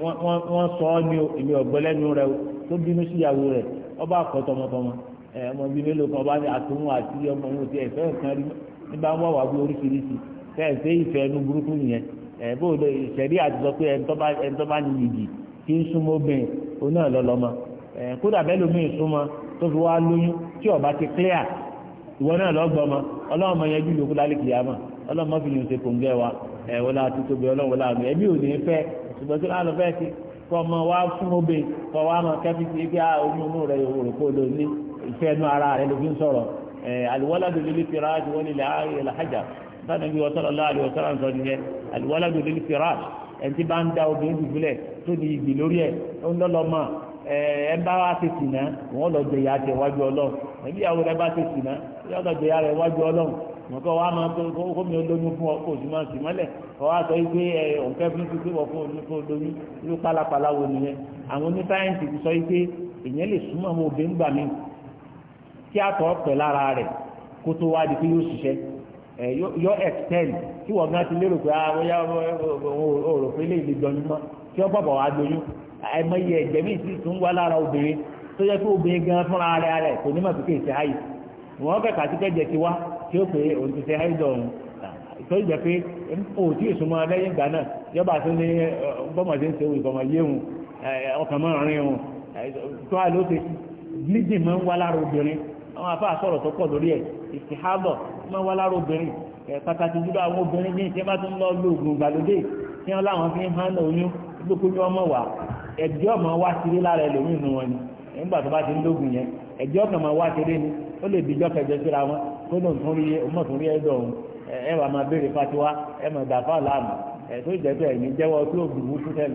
wọ́n sọ ọ́ ní ìlú ọ̀gbẹ́lẹ́nu rẹ tó bínú síyàwó rẹ ọba àkọ́ tọmọtọmọ ẹ ọmọ bíi mélòó kan ọba ní àtúnwò àti ọmọ òun ti ẹ̀fẹ́ kan rí nígbà wọ́n wà bí oríṣiríṣi fẹ́ẹ̀fẹ́ ìfẹ́ ẹnu burúkú nìyẹn ẹ̀ bó lè ìṣẹ̀rí àtijọ́ pé ẹni tó bá ní yìgì kí ń súnmọ́ obìnrin òun náà lọ́lọ́mọ ẹ̀ kódà bẹ́ẹ̀ lómi ìsúnmọ́ tó fi wá lóyún tí ọba ti clear ìwọ náà lọ́gbọ́mọ ọlọ́run mọ yẹn jù lókù lálẹ́ kìyàmọ́ ọlọ́run mọ́ fi yùn ṣe kòǹgẹ́ wa ẹ̀ wọ́n láti tóbi ọlọ́run wọ́n láàmì ẹ̀mí ò ní fẹ́ ṣùgbọ́n tí wọ́n lọ fẹ́ sí kọ́ ọmọ wa fún obe kọ́ wa mọ kẹ́fí sí pé oyún inú rẹ̀ yòówó rò kó ló ní ìfẹ́ inú ara rẹ̀ ló fi ń sọ̀rọ̀ àlùwọ́ládò lílí firaasi wọ́n lè làájà sanni bí wọ́n sọ̀rọ̀ láàrin wọ́n ẹ bá wa ti sì náà wọn lọ jẹyà tẹ wájú ọlọ́run ẹbí ìyàwó rẹ bá ti sì náà ya lọ jẹyà rẹ wájú ọlọ́run nǹkan wa máa tó ọ kó o sì máa sì mọ́lẹ̀ ọ wá sọ pé ẹ fún pé wọ́n fún irú pálapàla wo nìyẹn àwọn oní sáyẹ́ǹsì ti sọ lè súnmọ́ àwọn gbà mí kí pẹ̀ lára rẹ̀ kó tó wá di pé yóò ṣiṣẹ́ ẹ yọ wọ́n àìmọye ẹ̀jẹ̀ míì sì tún wá lára obìnrin tó yẹ kí obìnrin gan fúnra ara rẹ̀ kò ní mọ̀ pé kì í ṣe háyì wọ́n kẹ̀kà sí kẹ́jẹ̀ ti wá tí ó pé òun ti ṣe háyì dọ̀rùn tó jẹ́ pé o tí ì súnmọ́ lẹ́yìn ìgbà náà yọba tó ní bọ́mọdé ń ṣe ọkàn mọ́ rin tó ló máa ń wá lára obìnrin àwọn tó pọ̀ lórí ẹ̀ máa ń wá lára obìnrin lo ìgbàlódé tí wọ́n láwọn fi ń gbogbo ní ọmọ wa ẹ̀jẹ̀ ọmọ wa tiré lára ẹlòmíì nù wọn ni nígbà tó bá ti ń yẹn ẹ̀jẹ̀ ọkàn wá tiré ni ó lè bíjọ́ kẹjọ síra wọn tó lóun tún rí ọmọ tún rí ẹ̀dọ̀ ọ̀hún ẹ wà máa béèrè fatiwa ẹ máa dà láàmú ẹ tó jẹ pé tó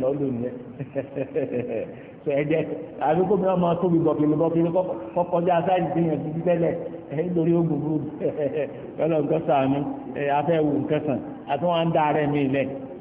lónìí yẹn àbí kó mi tóbi ti afẹ́ wù àti á ń dá ara lẹ̀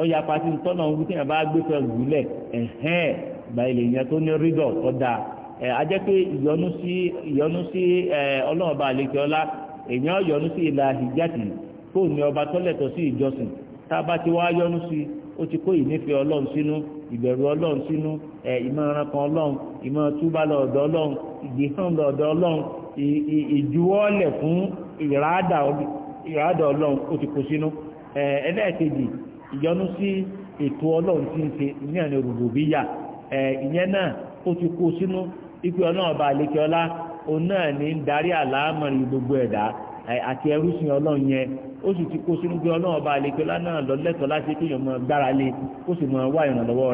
ọyà pàtí ntọ́nà ohun tí yẹn bá gbé fẹ́ gúlẹ̀ ẹ̀hẹ́n báyìí lè yẹn tó ní rídọ̀ tó dáa ẹ̀ ajẹ́ pé ìyọnu sí ìyọnu sí ẹ̀ ọlọ́run bá àlejò ọlá èèyàn yọnu sí ìlà hijati kó ní ọba tọ́lẹ̀tọ̀ sí ìjọsìn tá a bá ti wá yọnu sí ó ti kó ìnífẹ̀ ọlọ́run sínú ìbẹ̀rù ọlọ́run sínú ẹ̀ ìmọ̀ràn kan ọlọ́run ìmọ̀ túbà ọlọ́run ó ti kó sínú ẹ̀ ẹlẹ́ẹ̀kejì ìyọnú sí ètò ọlọ́run ti ń ṣe ní ọ̀nà rùbùbíyà ẹ̀ ìyẹn náà ó ti kó sínú ipe ọlọ́run ọba àlékè òun náà ní ń darí àlámọ̀rí gbogbo ẹ̀dá àti ẹrúsìn ọlọ́run yẹn ó sì ti kó sínú ọba láti kéèyàn mọ gbára lé sì mọ wá ìrànlọ́wọ́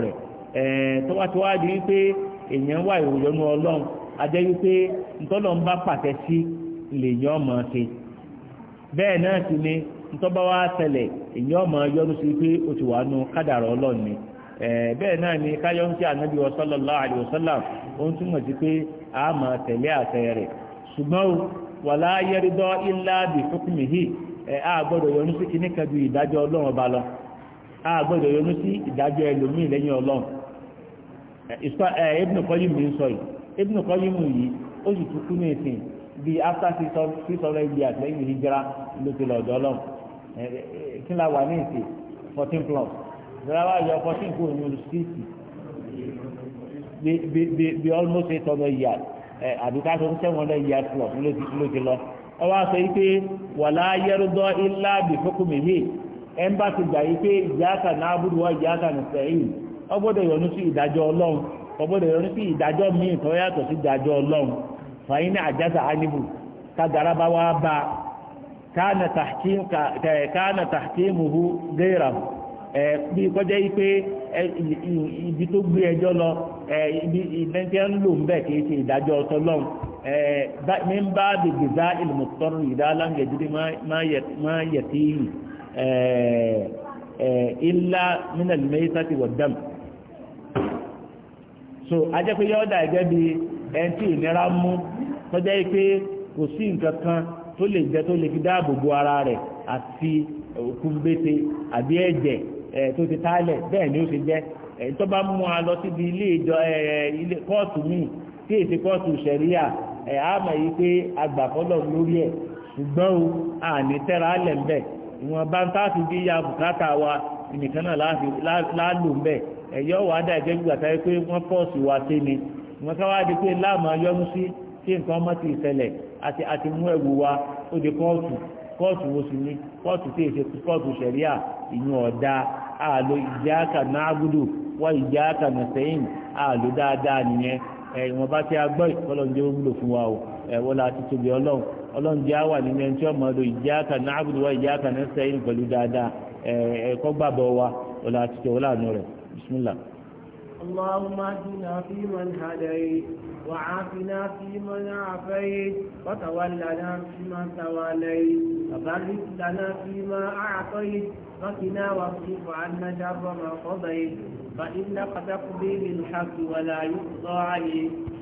rẹ̀ wípé èèyàn wá ìròyìnú ọlọ́run ajẹ́ wípé ntọ́lọ́ ntọba wa tẹ̀lẹ̀ èyí ọmọ yọrù sí pé o ti wà nù kádàrá ọlọ́run ni bẹ́ẹ̀ náà ni káyọ̀ ànábì pé a máa tẹ̀lé àṣẹ rẹ̀ ṣùgbọ́n o wàlá yẹrìdọ́ a gbọ́dọ̀ yọnu sí kíní kan ju ìdájọ́ ọba lọ a gbọ́dọ̀ yọnu sí ìdájọ́ ẹlòmíì mi ń sọ yìí yìí ó sì kí la wà ní fourteen plus ìjọba wa yọ fourteen kúrò ní olùsíìsì bí almost eight hundred years àbí ká seven hundred plus ló ti lọ ọwọ́ àṣẹ yìí pé wàlá yẹrùdọ́ ilá bìfọ́kùnmíhì ẹ̀ ń gbà yìí pé na náà búrú wá ìyáàkà Ọ ọgbọ́dọ̀ yọnu sí ìdájọ́ Ọ ọgbọ́dọ̀ yọnu sí ìdájọ́ míì tó yàtọ̀ sí ìdájọ́ ọlọ́run fàyín ní àjàsà ánìbù bá a kana tahkim kana tahkimuhu ghayrahu ẹ bí kọjá yìí pé ibi tó gbé ẹjọ́ lọ ẹ ibi ìdẹ́ntẹ́ ń lò ń bẹ̀ kì í ṣe ìdájọ́ ọtọlọ́run ẹ mi ń bá dègbè bá ìlùmọ̀tọ́rù ìdáláńgẹ̀dìrí máa yẹ tí yìí ẹ ẹ ilá nínú ìlúmẹ́yìísá ti wọ̀ dẹ́m. so ajẹ́ pé yọ́ọ́dà ẹ̀gẹ́ bíi ẹni tí ìnira mú kọjá pé kò sí nǹkan kan tó lè jẹ tó lè fi dáàbò bo ara rẹ̀ àti òkúńbété àbí ẹ̀jẹ̀ tó ti tálẹ̀ bẹ́ẹ̀ ni ó ṣe jẹ́ tó bá mú a lọ síbi ilé ìjọ ilé kóòtù míì tí èsì kóòtù ṣẹ̀ríà àmọ̀ yìí pé agbàfọ́lọ̀ lórí ẹ̀ ṣùgbọ́n o àní tẹ́ra alẹ̀ ń bẹ̀ ìwọ̀n bá ń táàfin bí ya bùkátà wa nìkan náà láàlò ń bẹ̀ ẹ̀yọ́ wà á dàgbẹ́ gbígbà táyé pé wọ́n pọ̀ sí wa sí ni wọ́n ká wá di pé láàmú ayọ́nu sí kí nǹkan ọmọ ti ṣẹlẹ̀ àti àti mú ẹ̀wù wa ó di kóòtù kóòtù wo sì ni kóòtù tí èsè kóòtù ṣẹ̀ríà ìyún ọ̀dà àlò ìjáàkà náàbùdù wá ìjáàkà nàṣẹ́yìn àlò dáadáa nìyẹn bá ti wúlò fún wa o ẹ̀wọ́n la ti tóbi ọlọ́run ọlọ́run jẹ́ àwà nínú ẹni tí ìjáàkà náàbùdù wá ìjáàkà dáadáa wa وعافنا فيمن عافيت وتولنا فيمن توليت وبارك لنا فيما أعطيت وقنا واصرف عنا شر ما قضيت فإنك تقضي بالحق ولا يقضى عليك